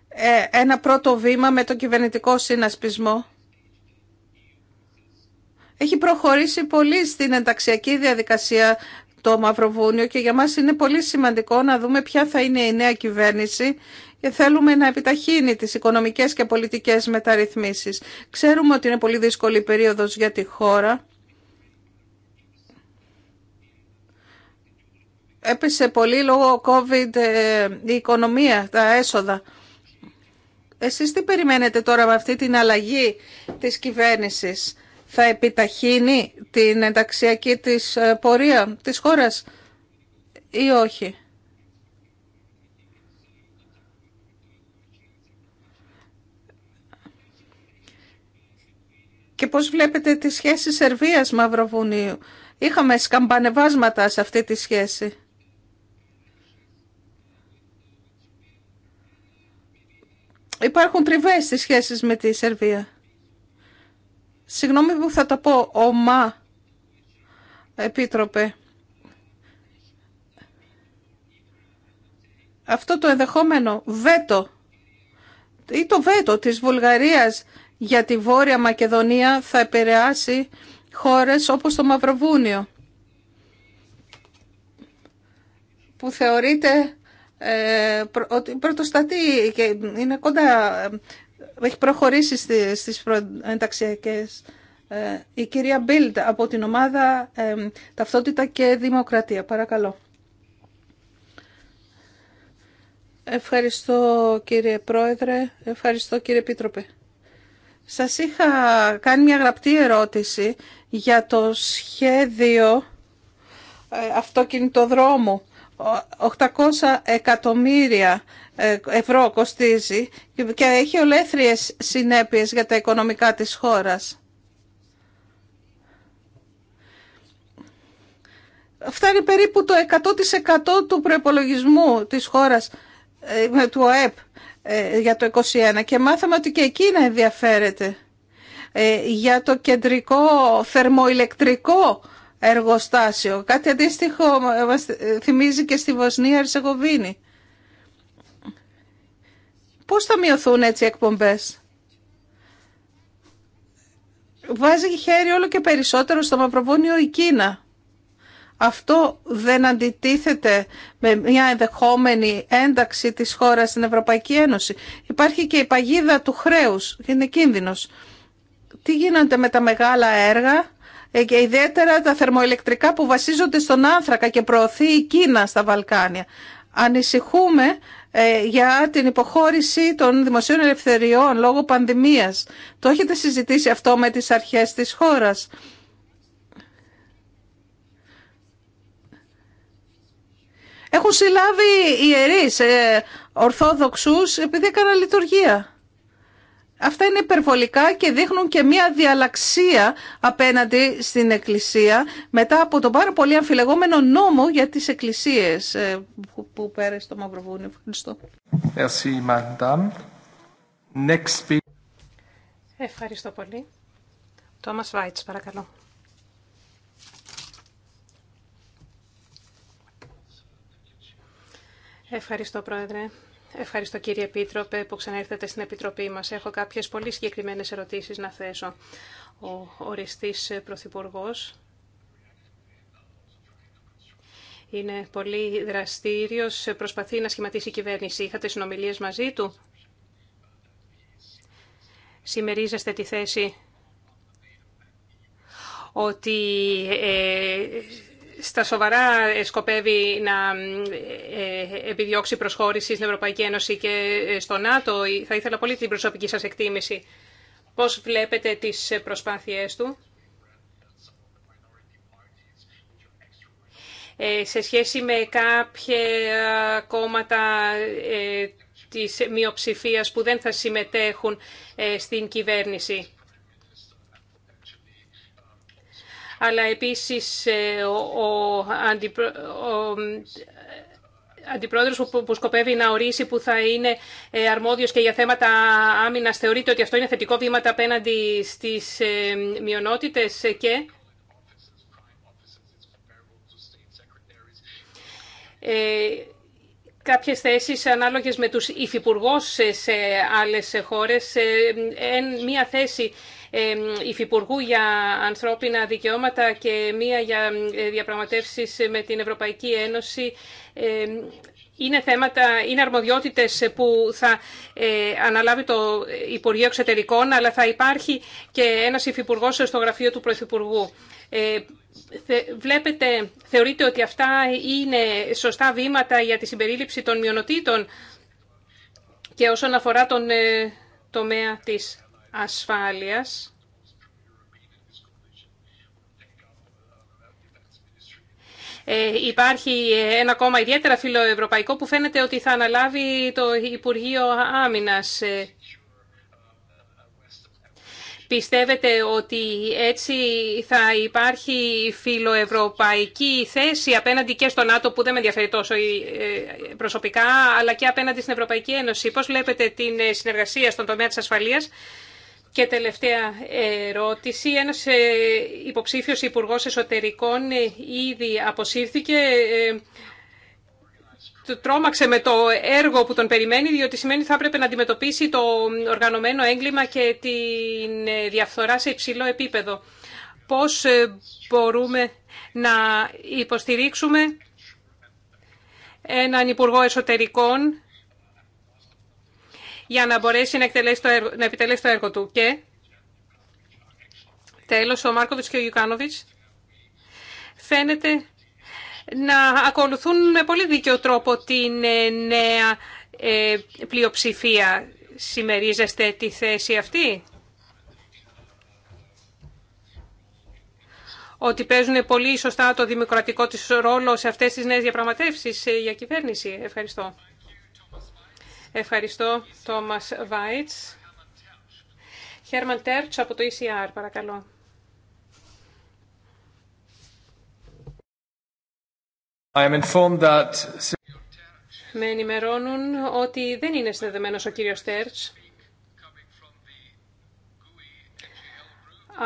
ε, ένα πρώτο βήμα με το κυβερνητικό συνασπισμό. Έχει προχωρήσει πολύ στην ενταξιακή διαδικασία το Μαυροβούνιο και για μας είναι πολύ σημαντικό να δούμε ποια θα είναι η νέα κυβέρνηση και θέλουμε να επιταχύνει τις οικονομικές και πολιτικές μεταρρυθμίσεις. Ξέρουμε ότι είναι πολύ δύσκολη περίοδος για τη χώρα έπεσε πολύ λόγω COVID ε, η οικονομία, τα έσοδα. Εσείς τι περιμένετε τώρα με αυτή την αλλαγή της κυβέρνησης. Θα επιταχύνει την ενταξιακή της ε, πορεία της χώρας ή όχι. Και πώς βλέπετε τη σχέση Σερβίας-Μαυροβουνίου. Είχαμε σκαμπανεβάσματα σε αυτή τη σχέση. υπάρχουν τριβές στι σχέσεις με τη Σερβία. Συγγνώμη που θα τα πω ομά, επίτροπε. Αυτό το ενδεχόμενο βέτο ή το βέτο της Βουλγαρίας για τη Βόρεια Μακεδονία θα επηρεάσει χώρες όπως το Μαυροβούνιο που θεωρείται ε, ότι πρωτοστατεί και είναι κοντά, ε, έχει προχωρήσει στις προενταξιακές. Ε, η κυρία Μπίλτ από την ομάδα Ταυτότητα και Δημοκρατία. Παρακαλώ. Ευχαριστώ κύριε Πρόεδρε, ευχαριστώ κύριε Επίτροπε. Σας είχα κάνει μια γραπτή ερώτηση για το σχέδιο αυτοκινητοδρόμου 800 εκατομμύρια ε, ευρώ κοστίζει και έχει ολέθριες συνέπειες για τα οικονομικά της χώρας. Φτάνει περίπου το 100% του προϋπολογισμού της χώρας, ε, με του ΟΕΠ, ε, για το 2021 και μάθαμε ότι και εκεί να ενδιαφέρεται για το κεντρικό θερμοηλεκτρικό εργοστάσιο. Κάτι αντίστοιχο ε, μας θυμίζει και στη Βοσνία Ερσεγοβίνη. Πώς θα μειωθούν έτσι οι εκπομπές. Βάζει χέρι όλο και περισσότερο στο Μαυροβόνιο η Κίνα. Αυτό δεν αντιτίθεται με μια ενδεχόμενη ένταξη της χώρας στην Ευρωπαϊκή Ένωση. Υπάρχει και η παγίδα του χρέους, είναι κίνδυνος. Τι γίνονται με τα μεγάλα έργα ε, και ιδιαίτερα τα θερμοελεκτρικά που βασίζονται στον άνθρακα και προωθεί η Κίνα στα Βαλκάνια. Ανησυχούμε ε, για την υποχώρηση των δημοσίων ελευθεριών λόγω πανδημίας. Το έχετε συζητήσει αυτό με τις αρχές της χώρας. Έχουν συλλάβει ιερείς ε, ορθόδοξους επειδή έκαναν λειτουργία. Αυτά είναι υπερβολικά και δείχνουν και μια διαλαξία απέναντι στην Εκκλησία μετά από τον πάρα πολύ αμφιλεγόμενο νόμο για τις εκκλησίες ε, που πέρασε το Μαυροβούνιο. Ευχαριστώ. Ευχαριστώ πολύ. Τόμας Βάιτς, παρακαλώ. Ευχαριστώ, Πρόεδρε. Ευχαριστώ κύριε Επίτροπε που ξαναήρθατε στην Επιτροπή μας. Έχω κάποιες πολύ συγκεκριμένες ερωτήσεις να θέσω. Ο οριστής Πρωθυπουργό είναι πολύ δραστήριος, προσπαθεί να σχηματίσει η κυβέρνηση. Είχατε συνομιλίες μαζί του. Σημερίζεστε τη θέση ότι ε, στα σοβαρά σκοπεύει να ε, ε, επιδιώξει προσχώρηση στην Ευρωπαϊκή Ένωση και ε, στο ΝΑΤΟ. Θα ήθελα πολύ την προσωπική σας εκτίμηση. Πώς βλέπετε τις προσπάθειές του σε σχέση με κάποια κόμματα της μειοψηφίας που δεν θα συμμετέχουν στην κυβέρνηση. αλλά επίσης ε, ο αντιπρόεδρος που σκοπεύει να ορίσει που θα είναι ε, αρμόδιος και για θέματα άμυνας θεωρείται ότι αυτό είναι θετικό βήμα απέναντι στις ε, μειονότητες και... Κάποιες θέσεις ανάλογες με τους υφυπουργούς σε άλλες χώρες. Μία θέση υφυπουργού για ανθρώπινα δικαιώματα και μία για ε, διαπραγματεύσεις με την Ευρωπαϊκή Ένωση είναι, θέματα, είναι αρμοδιότητες που θα ε, αναλάβει το Υπουργείο Εξωτερικών, αλλά θα υπάρχει και ένας υφυπουργό στο γραφείο του Πρωθυπουργού. Ε, βλέπετε, θεωρείτε ότι αυτά είναι σωστά βήματα για τη συμπερίληψη των μειονοτήτων και όσον αφορά τον ε, τομέα της ασφάλειας Ε, υπάρχει ένα κόμμα ιδιαίτερα φιλοευρωπαϊκό που φαίνεται ότι θα αναλάβει το Υπουργείο Άμυνας. Ε, πιστεύετε ότι έτσι θα υπάρχει φιλοευρωπαϊκή θέση απέναντι και στο ΝΑΤΟ που δεν με ενδιαφέρει τόσο ε, ε, προσωπικά, αλλά και απέναντι στην Ευρωπαϊκή Ένωση. Πώς βλέπετε την συνεργασία στον τομέα της ασφαλείας και τελευταία ερώτηση. Ένας ε, υποψήφιος Υπουργός Εσωτερικών ε, ήδη αποσύρθηκε. Ε, τρόμαξε με το έργο που τον περιμένει, διότι σημαίνει ότι θα έπρεπε να αντιμετωπίσει το οργανωμένο έγκλημα και την διαφθορά σε υψηλό επίπεδο. Πώς μπορούμε να υποστηρίξουμε έναν Υπουργό Εσωτερικών για να μπορέσει να, το να επιτελέσει το έργο του. Και τέλος, ο Μάρκοβιτς και ο Γιουκάνοβιτς φαίνεται να ακολουθούν με πολύ δίκαιο τρόπο την ε, νέα ε, πλειοψηφία. Σημερίζεστε τη θέση αυτή. ότι παίζουν πολύ σωστά το δημοκρατικό της ρόλο σε αυτές τις νέες διαπραγματεύσεις ε, για κυβέρνηση. Ευχαριστώ. Ευχαριστώ, Τόμας Βάιτς. Χέρμαν Τέρτς από το ECR, παρακαλώ. I Με ενημερώνουν ότι δεν είναι συνδεδεμένος ο κύριος Τέρτς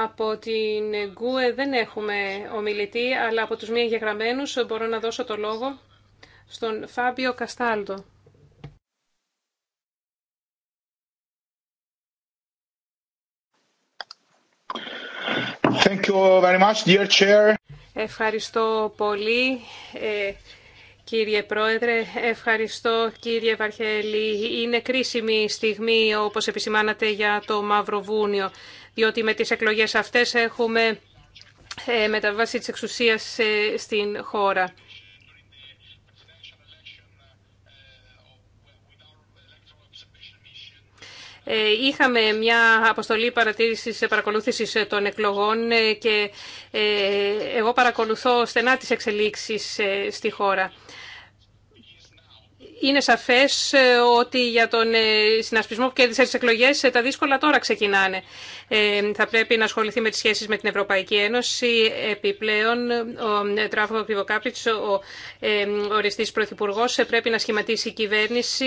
Από την ΓΚΟΕ δεν έχουμε ομιλητή, αλλά από τους μη εγγεγραμμένους μπορώ να δώσω το λόγο στον Φάμπιο Καστάλτο. Thank you Ευχαριστώ πολύ. Ε, κύριε Πρόεδρε, ευχαριστώ κύριε Βαρχέλη. Είναι κρίσιμη στιγμή, όπως επισημάνατε, για το Μαυροβούνιο, διότι με τις εκλογές αυτές έχουμε ε, μεταβάσει της εξουσίας ε, στην χώρα. Ε, είχαμε μια αποστολή παρατήρησης ε, παρακολούθησης ε, των εκλογών και εγώ παρακολουθώ στενά τις εξελίξεις στη χώρα είναι σαφές ε, ότι για τον ε, συνασπισμό που κέρδισε τις εκλογές ε, τα δύσκολα τώρα ξεκινάνε. θα πρέπει να ασχοληθεί με τις σχέσεις με την Ευρωπαϊκή Ένωση. Επιπλέον, ο Τράφο Πιβοκάπιτς, ο Οριστή οριστής πρέπει να σχηματίσει η κυβέρνηση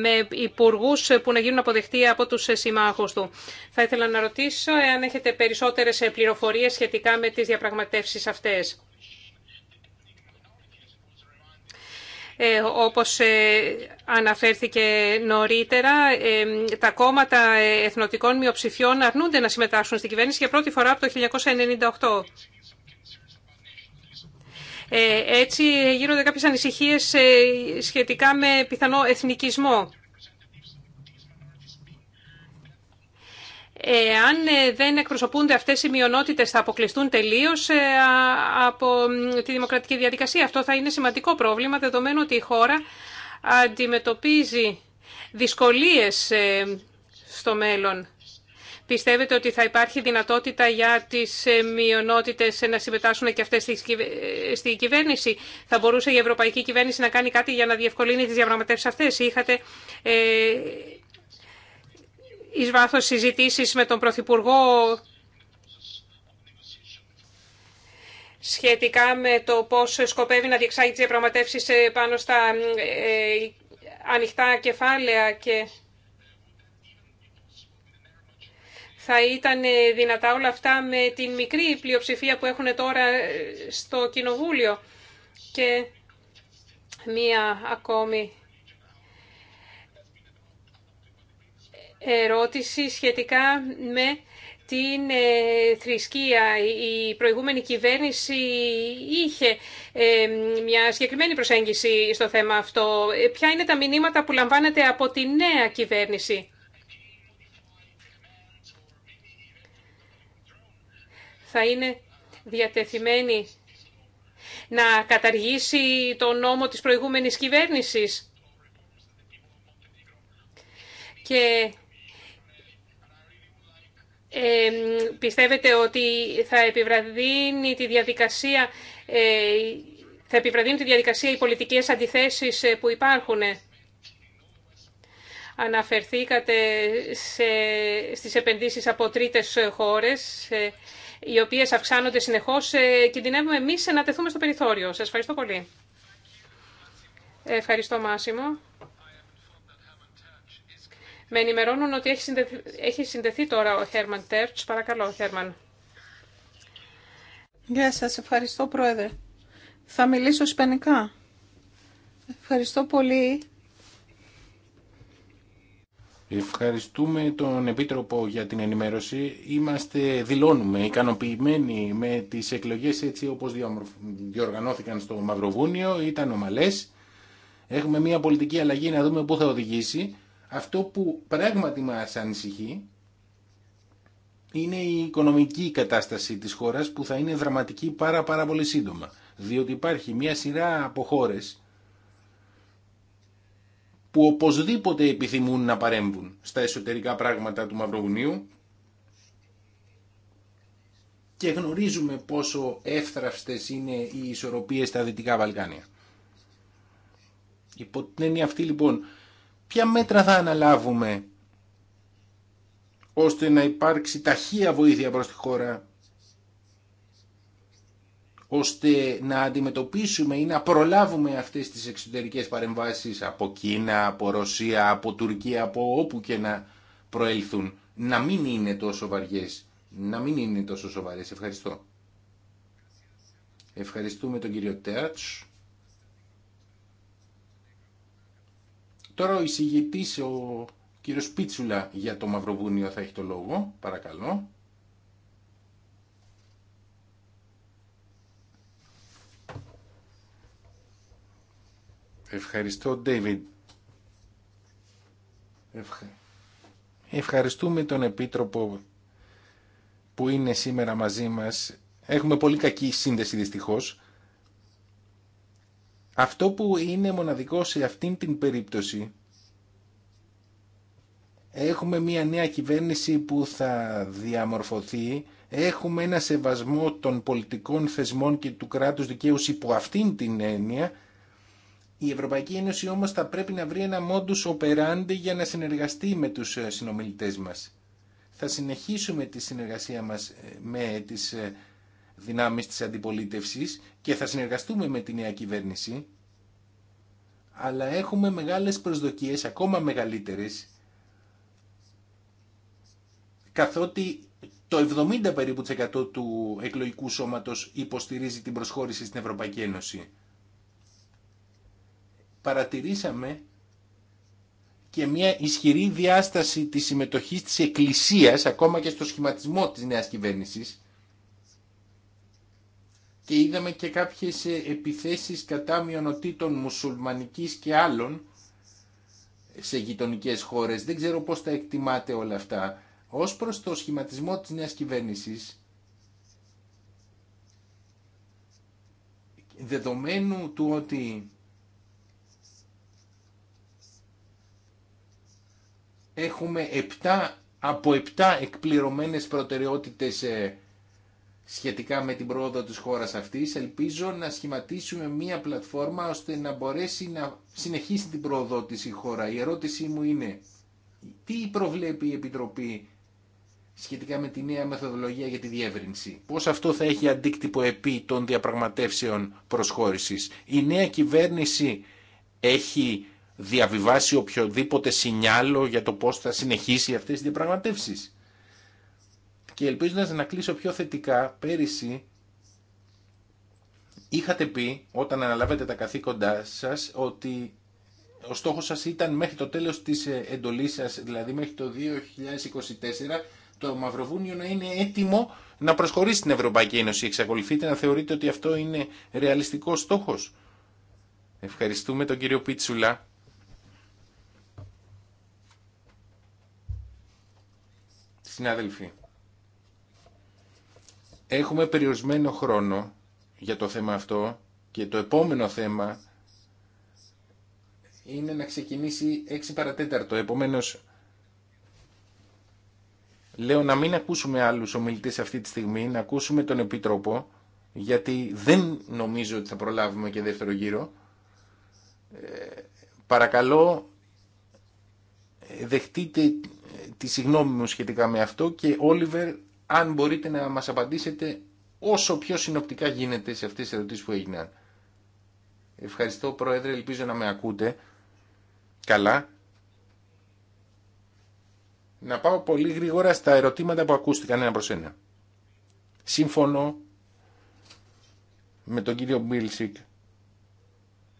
με υπουργού που να γίνουν αποδεκτοί από τους συμμάχου του. Θα ήθελα να ρωτήσω αν έχετε περισσότερε πληροφορίε σχετικά με τι διαπραγματεύσει αυτέ. Ε, όπως ε, αναφέρθηκε νωρίτερα, ε, τα κόμματα εθνοτικών μειοψηφιών αρνούνται να συμμετάσχουν στην κυβέρνηση για πρώτη φορά από το 1998. Έτσι γίνονται κάποιες ανησυχίες σχετικά με πιθανό εθνικισμό. Αν ε, δεν εκπροσωπούνται αυτές οι μειονότητες θα αποκλειστούν τελείως ε, από τη δημοκρατική διαδικασία. Αυτό θα είναι σημαντικό πρόβλημα δεδομένου ότι η χώρα αντιμετωπίζει δυσκολίες ε, στο μέλλον. Πιστεύετε ότι θα υπάρχει δυνατότητα για τις μειονότητες να συμμετάσχουν και αυτές στη κυβέρνηση. Θα μπορούσε η Ευρωπαϊκή Κυβέρνηση να κάνει κάτι για να διευκολύνει τις διαπραγματεύσεις αυτές. Είχατε εις βάθος συζητήσεις με τον Πρωθυπουργό σχετικά με το πώς σκοπεύει να διεξάγει τις διαπραγματεύσεις πάνω στα ε, ανοιχτά κεφάλαια και θα ήταν δυνατά όλα αυτά με την μικρή πλειοψηφία που έχουν τώρα στο Κοινοβούλιο. Και μία ακόμη ερώτηση σχετικά με την ε, θρησκεία. Η προηγούμενη κυβέρνηση είχε ε, μια συγκεκριμένη προσέγγιση στο θέμα αυτό. Ε, ποια είναι τα μηνύματα που λαμβάνετε από τη νέα κυβέρνηση. Θα είναι διατεθειμένη να καταργήσει το νόμο της προηγούμενης κυβέρνησης. Και πιστεύετε ότι θα επιβραδύνει τη διαδικασία, ε, θα επιβραδύνει τη διαδικασία οι πολιτικές αντιθέσεις ε, που υπάρχουν. Αναφερθήκατε σε, στις επενδύσεις από τρίτες χώρες, ε, οι οποίες αυξάνονται συνεχώς. Ε, κινδυνεύουμε εμείς να τεθούμε στο περιθώριο. Σας ευχαριστώ πολύ. Ευχαριστώ Μάσιμο. Με ενημερώνουν ότι έχει συνδεθεί, τώρα ο Χέρμαν Τέρτς. Παρακαλώ, Χέρμαν. Γεια σας, ευχαριστώ Πρόεδρε. Θα μιλήσω σπανικά. Ευχαριστώ πολύ. Ευχαριστούμε τον Επίτροπο για την ενημέρωση. Είμαστε, δηλώνουμε, ικανοποιημένοι με τις εκλογές έτσι όπως διοργανώθηκαν στο Μαυροβούνιο. Ήταν ομαλές. Έχουμε μια πολιτική αλλαγή να δούμε πού θα οδηγήσει. Αυτό που πράγματι μας ανησυχεί είναι η οικονομική κατάσταση της χώρας που θα είναι δραματική πάρα πάρα πολύ σύντομα. Διότι υπάρχει μια σειρά από χώρε που οπωσδήποτε επιθυμούν να παρέμβουν στα εσωτερικά πράγματα του Μαυροβουνίου και γνωρίζουμε πόσο εύθραυστες είναι οι ισορροπίες στα Δυτικά Βαλκάνια. Υπό την έννοια αυτή λοιπόν ποια μέτρα θα αναλάβουμε ώστε να υπάρξει ταχεία βοήθεια προς τη χώρα ώστε να αντιμετωπίσουμε ή να προλάβουμε αυτές τις εξωτερικές παρεμβάσεις από Κίνα, από Ρωσία, από Τουρκία, από όπου και να προέλθουν, να μην είναι τόσο βαριές, να μην είναι τόσο σοβαρές. Ευχαριστώ. Ευχαριστούμε τον κύριο Τέατς. Τώρα ο εισηγητής, ο κύριος Πίτσουλα για το Μαυροβούνιο θα έχει το λόγο. Παρακαλώ. Ευχαριστώ, Ντέιβιντ. Ευχαριστούμε τον Επίτροπο που είναι σήμερα μαζί μας. Έχουμε πολύ κακή σύνδεση δυστυχώς. Αυτό που είναι μοναδικό σε αυτήν την περίπτωση έχουμε μια νέα κυβέρνηση που θα διαμορφωθεί, έχουμε ένα σεβασμό των πολιτικών θεσμών και του κράτους δικαίου υπό αυτήν την έννοια. Η Ευρωπαϊκή Ένωση όμως θα πρέπει να βρει ένα modus operandi για να συνεργαστεί με τους ε, συνομιλητές μας. Θα συνεχίσουμε τη συνεργασία μας ε, με τις ε, δυνάμεις της αντιπολίτευσης και θα συνεργαστούμε με τη νέα κυβέρνηση, αλλά έχουμε μεγάλες προσδοκίες, ακόμα μεγαλύτερες, καθότι το 70 περίπου του εκλογικού σώματος υποστηρίζει την προσχώρηση στην Ευρωπαϊκή Ένωση. Παρατηρήσαμε και μια ισχυρή διάσταση της συμμετοχής της Εκκλησίας, ακόμα και στο σχηματισμό της νέας κυβέρνησης, και είδαμε και κάποιες επιθέσεις κατά μειονοτήτων μουσουλμανικής και άλλων σε γειτονικέ χώρες. Δεν ξέρω πώς τα εκτιμάτε όλα αυτά. Ως προς το σχηματισμό της νέας κυβέρνησης, δεδομένου του ότι έχουμε 7 από 7 εκπληρωμένες προτεραιότητες σχετικά με την πρόοδο της χώρας αυτής. Ελπίζω να σχηματίσουμε μία πλατφόρμα ώστε να μπορέσει να συνεχίσει την πρόοδο της η χώρα. Η ερώτησή μου είναι τι προβλέπει η Επιτροπή σχετικά με τη νέα μεθοδολογία για τη διεύρυνση. Πώς αυτό θα έχει αντίκτυπο επί των διαπραγματεύσεων προσχώρησης. Η νέα κυβέρνηση έχει διαβιβάσει οποιοδήποτε σινιάλο για το πώς θα συνεχίσει αυτές τις διαπραγματεύσεις. Και ελπίζω να κλείσω πιο θετικά, πέρυσι είχατε πει όταν αναλάβετε τα καθήκοντά σας ότι ο στόχος σας ήταν μέχρι το τέλος της ε, εντολής σας, δηλαδή μέχρι το 2024, το Μαυροβούνιο να είναι έτοιμο να προσχωρήσει στην Ευρωπαϊκή Ένωση. Εξακολουθείτε να θεωρείτε ότι αυτό είναι ρεαλιστικός στόχος. Ευχαριστούμε τον κύριο Πίτσουλα. Συνάδελφοι, Έχουμε περιορισμένο χρόνο για το θέμα αυτό και το επόμενο θέμα είναι να ξεκινήσει 6 παρατέταρτο. Επομένως, λέω να μην ακούσουμε άλλους ομιλητές αυτή τη στιγμή, να ακούσουμε τον Επίτροπο, γιατί δεν νομίζω ότι θα προλάβουμε και δεύτερο γύρο. Ε, παρακαλώ, δεχτείτε τη συγνώμη μου σχετικά με αυτό και Όλιβερ αν μπορείτε να μας απαντήσετε όσο πιο συνοπτικά γίνεται σε αυτές τις ερωτήσεις που έγιναν. Ευχαριστώ Πρόεδρε, ελπίζω να με ακούτε καλά. Να πάω πολύ γρήγορα στα ερωτήματα που ακούστηκαν ένα προς ένα. Σύμφωνο με τον κύριο Μπίλσικ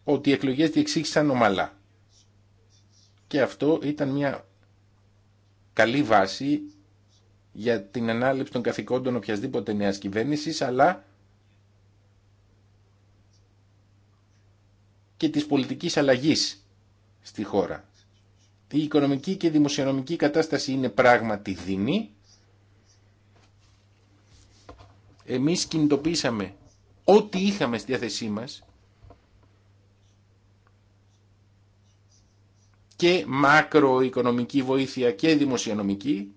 ότι οι εκλογές διεξήχθησαν ομαλά. Και αυτό ήταν μια καλή βάση για την ανάληψη των καθηκόντων οποιασδήποτε νέας κυβέρνησης, αλλά και της πολιτικής αλλαγής στη χώρα. Η οικονομική και δημοσιονομική κατάσταση είναι πράγματι δεινή. Εμείς κινητοποίησαμε ό,τι είχαμε στη διάθεσή μας και μακροοικονομική βοήθεια και δημοσιονομική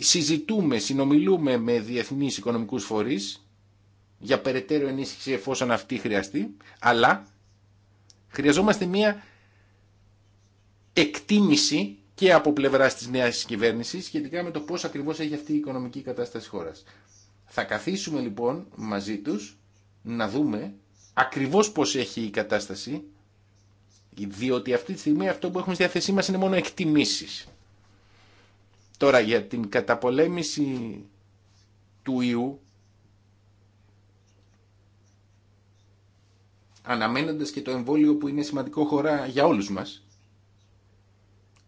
συζητούμε, συνομιλούμε με διεθνείς οικονομικούς φορείς για περαιτέρω ενίσχυση εφόσον αυτή χρειαστεί, αλλά χρειαζόμαστε μια εκτίμηση και από πλευρά τη νέα κυβέρνηση σχετικά με το πώ ακριβώ έχει αυτή η οικονομική κατάσταση χώρας. χώρα. Θα καθίσουμε λοιπόν μαζί του να δούμε ακριβώ πώ έχει η κατάσταση, διότι αυτή τη στιγμή αυτό που έχουμε στη διάθεσή μα είναι μόνο εκτιμήσει. Τώρα για την καταπολέμηση του ιού αναμένοντας και το εμβόλιο που είναι σημαντικό χώρα για όλους μας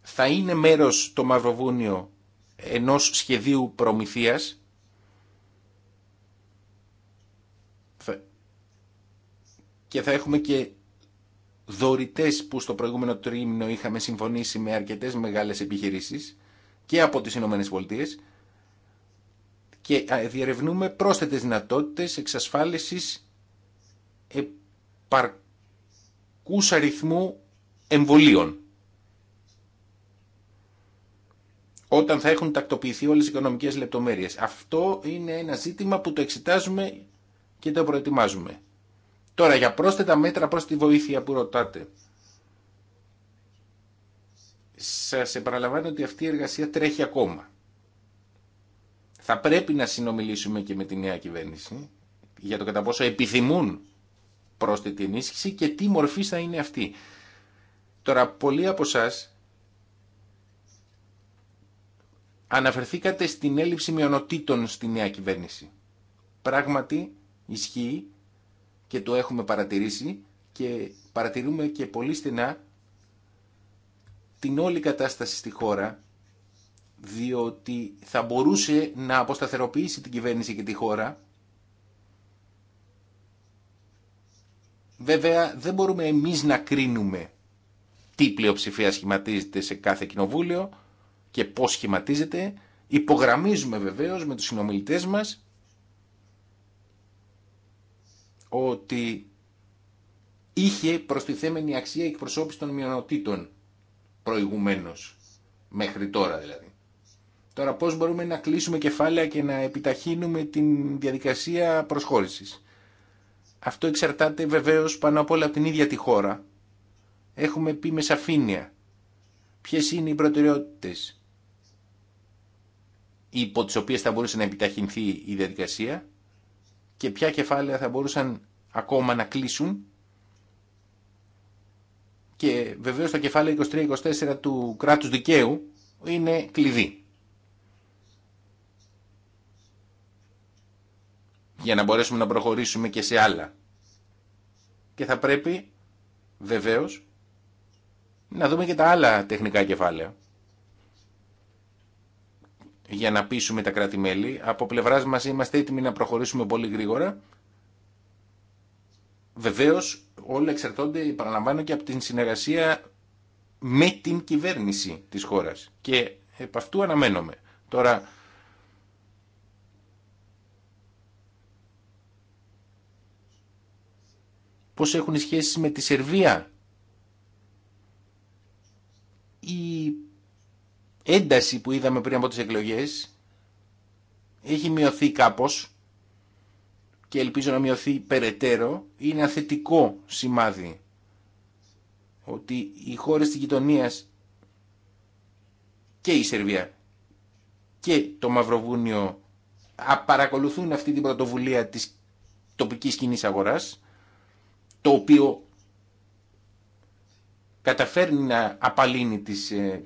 θα είναι μέρος το Μαυροβούνιο ενός σχεδίου προμηθείας και θα έχουμε και δωρητές που στο προηγούμενο τρίμηνο είχαμε συμφωνήσει με αρκετές μεγάλες επιχειρήσεις και από τις Ηνωμένες Πολιτείες και διερευνούμε πρόσθετες δυνατότητες εξασφάλισης επαρκούς αριθμού εμβολίων. Όταν θα έχουν τακτοποιηθεί όλες οι οικονομικές λεπτομέρειες. Αυτό είναι ένα ζήτημα που το εξετάζουμε και το προετοιμάζουμε. Τώρα για πρόσθετα μέτρα προς τη βοήθεια που ρωτάτε. Σας επαναλαμβάνω ότι αυτή η εργασία τρέχει ακόμα. Θα πρέπει να συνομιλήσουμε και με τη νέα κυβέρνηση για το κατά πόσο επιθυμούν πρόσθετη ενίσχυση και τι μορφή θα είναι αυτή. Τώρα, πολλοί από εσά αναφερθήκατε στην έλλειψη μειονοτήτων στη νέα κυβέρνηση. Πράγματι, ισχύει και το έχουμε παρατηρήσει και παρατηρούμε και πολύ στενά την όλη κατάσταση στη χώρα διότι θα μπορούσε να αποσταθεροποιήσει την κυβέρνηση και τη χώρα. Βέβαια δεν μπορούμε εμείς να κρίνουμε τι πλειοψηφία σχηματίζεται σε κάθε κοινοβούλιο και πώς σχηματίζεται. Υπογραμμίζουμε βεβαίως με τους συνομιλητές μας ότι είχε προστιθέμενη αξία εκπροσώπηση των μειονοτήτων προηγουμένως, μέχρι τώρα δηλαδή. Τώρα πώς μπορούμε να κλείσουμε κεφάλαια και να επιταχύνουμε την διαδικασία προσχώρησης. Αυτό εξαρτάται βεβαίως πάνω απ' όλα από την ίδια τη χώρα. Έχουμε πει με σαφήνεια ποιες είναι οι προτεραιότητες υπό τις οποίες θα μπορούσε να επιταχυνθεί η διαδικασία και ποια κεφάλαια θα μπορούσαν ακόμα να κλείσουν και βεβαίω το κεφάλαιο 23-24 του κράτου δικαίου είναι κλειδί. Για να μπορέσουμε να προχωρήσουμε και σε άλλα. Και θα πρέπει βεβαίω να δούμε και τα άλλα τεχνικά κεφάλαια για να πείσουμε τα κράτη-μέλη. Από πλευράς μας είμαστε έτοιμοι να προχωρήσουμε πολύ γρήγορα Βεβαίως όλα εξαρτώνται, παραλαμβάνω, και από την συνεργασία με την κυβέρνηση της χώρας. Και επ' αυτού αναμένομαι. Τώρα, πώς έχουν οι με τη Σερβία. Η ένταση που είδαμε πριν από τις εκλογές έχει μειωθεί κάπως και ελπίζω να μειωθεί περαιτέρω, είναι αθετικό σημάδι ότι οι χώρες της γειτονία και η Σερβία και το Μαυροβούνιο παρακολουθούν αυτή την πρωτοβουλία της τοπικής κοινή αγοράς, το οποίο καταφέρνει να απαλύνει τις, ε,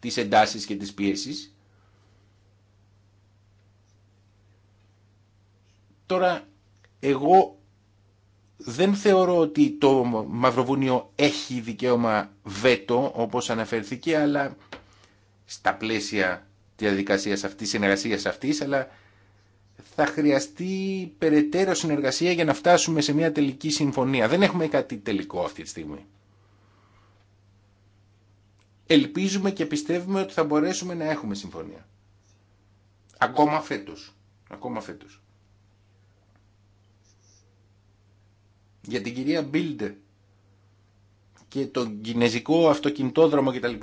τις εντάσεις και τις πιέσεις. Τώρα εγώ δεν θεωρώ ότι το Μαυροβούνιο έχει δικαίωμα βέτο, όπως αναφέρθηκε, αλλά στα πλαίσια της διαδικασίας αυτής, συνεργασίας αυτής, αλλά θα χρειαστεί περαιτέρω συνεργασία για να φτάσουμε σε μια τελική συμφωνία. Δεν έχουμε κάτι τελικό αυτή τη στιγμή. Ελπίζουμε και πιστεύουμε ότι θα μπορέσουμε να έχουμε συμφωνία. Ακόμα φέτος. Ακόμα φέτος. για την κυρία Μπίλντε και τον κινέζικο αυτοκινητόδρομο κτλ.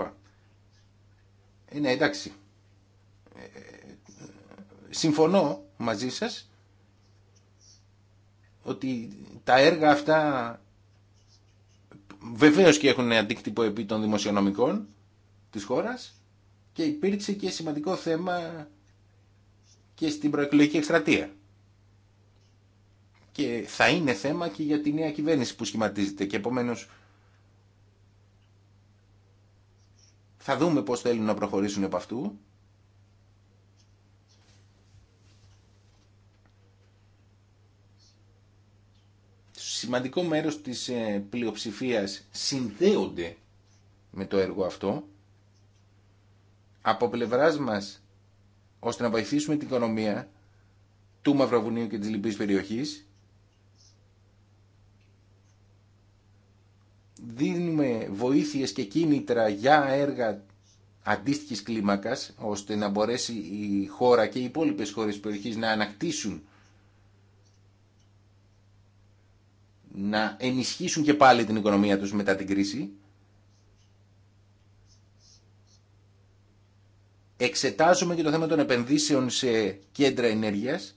Ε, ναι, εντάξει. Ε, ε, συμφωνώ μαζί σας ότι τα έργα αυτά βεβαίως και έχουν αντίκτυπο επί των δημοσιονομικών της χώρας και υπήρξε και σημαντικό θέμα και στην προεκλογική εκστρατεία και θα είναι θέμα και για τη νέα κυβέρνηση που σχηματίζεται και επομένως θα δούμε πώς θέλουν να προχωρήσουν από αυτού. Σημαντικό μέρος της ε, πλειοψηφίας συνδέονται με το έργο αυτό. Από πλευράς μας, ώστε να βοηθήσουμε την οικονομία του Μαυροβουνίου και της Λιμπής περιοχής, δίνουμε βοήθειες και κίνητρα για έργα αντίστοιχης κλίμακας, ώστε να μπορέσει η χώρα και οι υπόλοιπε χώρες περιοχής να ανακτήσουν, να ενισχύσουν και πάλι την οικονομία τους μετά την κρίση. Εξετάζουμε και το θέμα των επενδύσεων σε κέντρα ενέργειας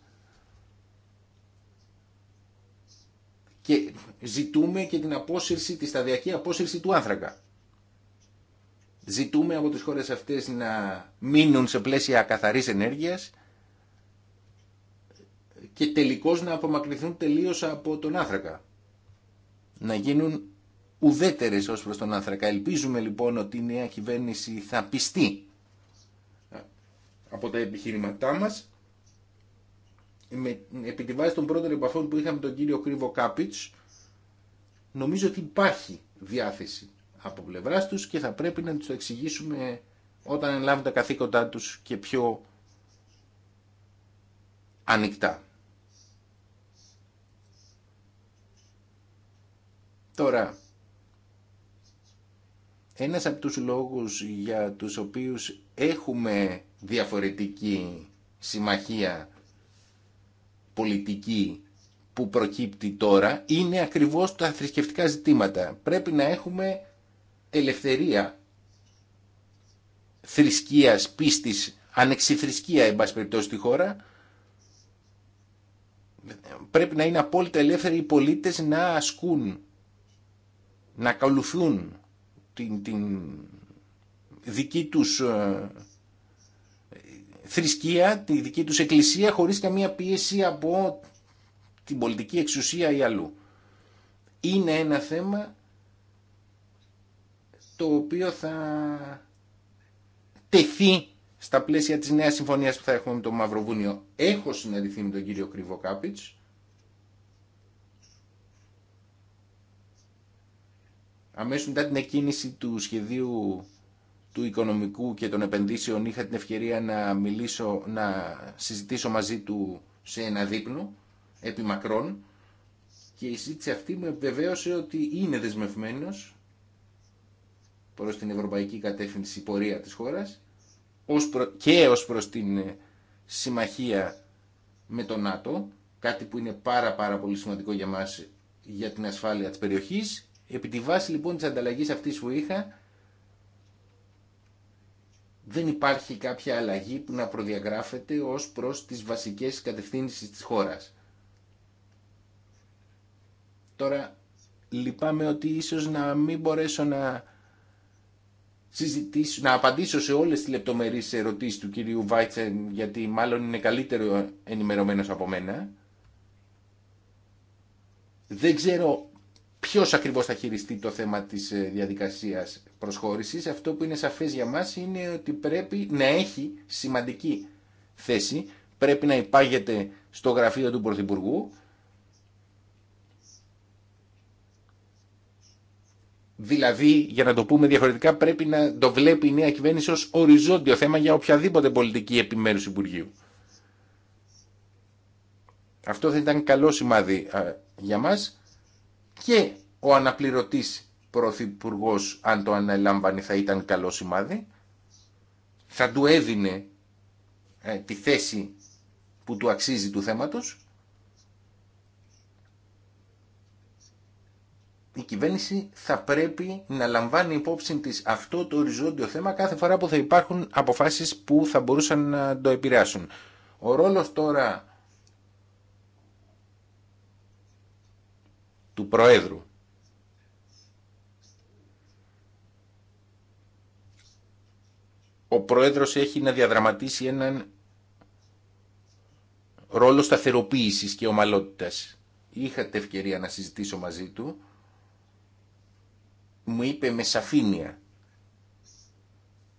και ζητούμε και την απόσυρση, τη σταδιακή απόσυρση του άνθρακα. Ζητούμε από τις χώρες αυτές να μείνουν σε πλαίσια καθαρής ενέργειας και τελικώς να απομακρυνθούν τελείως από τον άνθρακα. Να γίνουν ουδέτερες ως προς τον άνθρακα. Ελπίζουμε λοιπόν ότι η νέα κυβέρνηση θα πιστεί από τα επιχειρηματά μας με, επί τη βάση των πρώτων επαφών που είχαμε τον κύριο Κρύβο Κάπιτς, νομίζω ότι υπάρχει διάθεση από πλευρά τους και θα πρέπει να τους το εξηγήσουμε όταν ελάβουν τα καθήκοντά τους και πιο ανοιχτά. Τώρα, ένας από τους λόγους για τους οποίους έχουμε διαφορετική συμμαχία πολιτική που προκύπτει τώρα είναι ακριβώς τα θρησκευτικά ζητήματα. Πρέπει να έχουμε ελευθερία θρησκείας, πίστης, ανεξιθρησκεία εν πάση περιπτώσει στη χώρα. Πρέπει να είναι απόλυτα ελεύθεροι οι πολίτες να ασκούν, να ακολουθούν την, την δική τους ε, θρησκεία, τη δική τους εκκλησία χωρίς καμία πίεση από την πολιτική εξουσία ή αλλού. Είναι ένα θέμα το οποίο θα τεθεί στα πλαίσια της νέας συμφωνίας που θα έχουμε με το Μαυροβούνιο. Έχω συναντηθεί με τον κύριο Κρυβοκάπιτς. Αμέσως μετά την εκκίνηση του σχεδίου του οικονομικού και των επενδύσεων είχα την ευκαιρία να μιλήσω, να συζητήσω μαζί του σε ένα δείπνο επί μακρόν και η συζήτηση αυτή μου επιβεβαίωσε ότι είναι δεσμευμένος προς την ευρωπαϊκή κατεύθυνση πορεία της χώρας και ως προς την ε, συμμαχία με τον ΝΑΤΟ, κάτι που είναι πάρα πάρα πολύ σημαντικό για μας για την ασφάλεια της περιοχής. Επί τη βάση λοιπόν της ανταλλαγής αυτής που είχα, δεν υπάρχει κάποια αλλαγή που να προδιαγράφεται ως προς τις βασικές κατευθύνσεις της χώρας. Τώρα λυπάμαι ότι ίσως να μην μπορέσω να να απαντήσω σε όλες τις λεπτομερείς ερωτήσεις του κυρίου Βάιτσεν γιατί μάλλον είναι καλύτερο ενημερωμένος από μένα. Δεν ξέρω ποιος ακριβώς θα χειριστεί το θέμα της ε, διαδικασίας προσχώρησης, αυτό που είναι σαφές για μας είναι ότι πρέπει να έχει σημαντική θέση, πρέπει να υπάγεται στο γραφείο του Πρωθυπουργού, Δηλαδή, για να το πούμε διαφορετικά, πρέπει να το βλέπει η νέα κυβέρνηση ως οριζόντιο θέμα για οποιαδήποτε πολιτική επιμέρους Υπουργείου. Αυτό θα ήταν καλό σημάδι για μας και ο αναπληρωτής Πρωθυπουργό, αν το αναλάμβανε θα ήταν καλό σημάδι. Θα του έδινε ε, τη θέση που του αξίζει του θέματος. Η κυβέρνηση θα πρέπει να λαμβάνει υπόψη της αυτό το οριζόντιο θέμα κάθε φορά που θα υπάρχουν αποφάσεις που θα μπορούσαν να το επηρεάσουν. Ο ρόλος τώρα του Προέδρου ο πρόεδρος έχει να διαδραματίσει έναν ρόλο σταθεροποίησης και ομαλότητας. Είχατε ευκαιρία να συζητήσω μαζί του. Μου είπε με σαφήνεια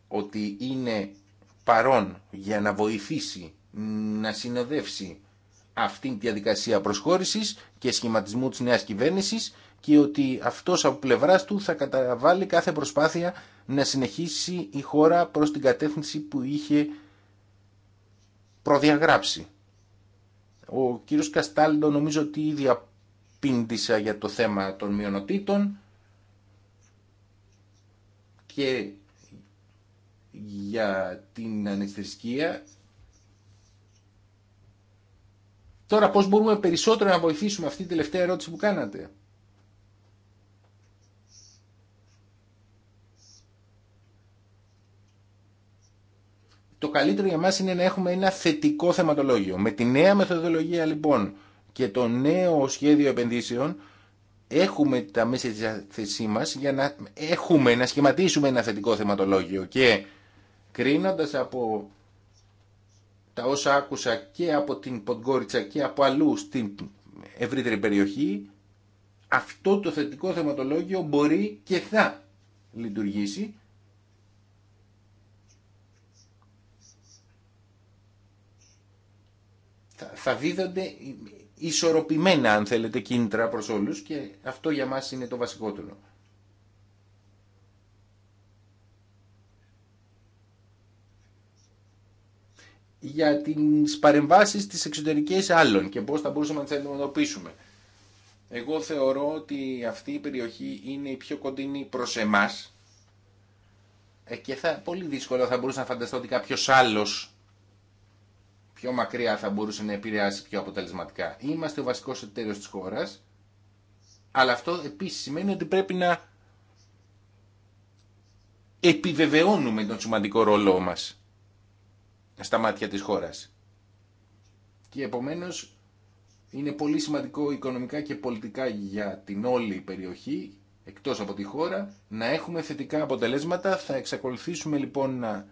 ότι είναι παρόν για να βοηθήσει, να συνοδεύσει αυτήν τη διαδικασία προσχώρησης και σχηματισμού της νέας κυβέρνησης και ότι αυτός από πλευράς του θα καταβάλει κάθε προσπάθεια να συνεχίσει η χώρα προς την κατεύθυνση που είχε προδιαγράψει. Ο κύριος Καστάλντο νομίζω ότι ήδη απήντησα για το θέμα των μειονοτήτων και για την ανεκθρησκεία. Τώρα πώς μπορούμε περισσότερο να βοηθήσουμε αυτή τη τελευταία ερώτηση που κάνατε. το καλύτερο για μας είναι να έχουμε ένα θετικό θεματολόγιο. Με τη νέα μεθοδολογία λοιπόν και το νέο σχέδιο επενδύσεων έχουμε τα μέσα της θέσή μας για να έχουμε, να σχηματίσουμε ένα θετικό θεματολόγιο και κρίνοντας από τα όσα άκουσα και από την Ποντγκόριτσα και από αλλού στην ευρύτερη περιοχή αυτό το θετικό θεματολόγιο μπορεί και θα λειτουργήσει θα δίδονται ισορροπημένα αν θέλετε κίνητρα προς όλους και αυτό για μας είναι το βασικότερο. για τις παρεμβάσεις της εξωτερικής άλλων και πώς θα μπορούσαμε να τις αντιμετωπίσουμε. Εγώ θεωρώ ότι αυτή η περιοχή είναι η πιο κοντινή προς εμάς ε, και θα, πολύ δύσκολο θα μπορούσα να φανταστώ ότι κάποιος άλλος πιο μακριά θα μπορούσε να επηρεάσει πιο αποτελεσματικά. Είμαστε ο βασικός εταίρος της χώρας, αλλά αυτό επίσης σημαίνει ότι πρέπει να επιβεβαιώνουμε τον σημαντικό ρόλό μας στα μάτια της χώρας. Και επομένως είναι πολύ σημαντικό οικονομικά και πολιτικά για την όλη περιοχή, εκτός από τη χώρα, να έχουμε θετικά αποτελέσματα. Θα εξακολουθήσουμε λοιπόν να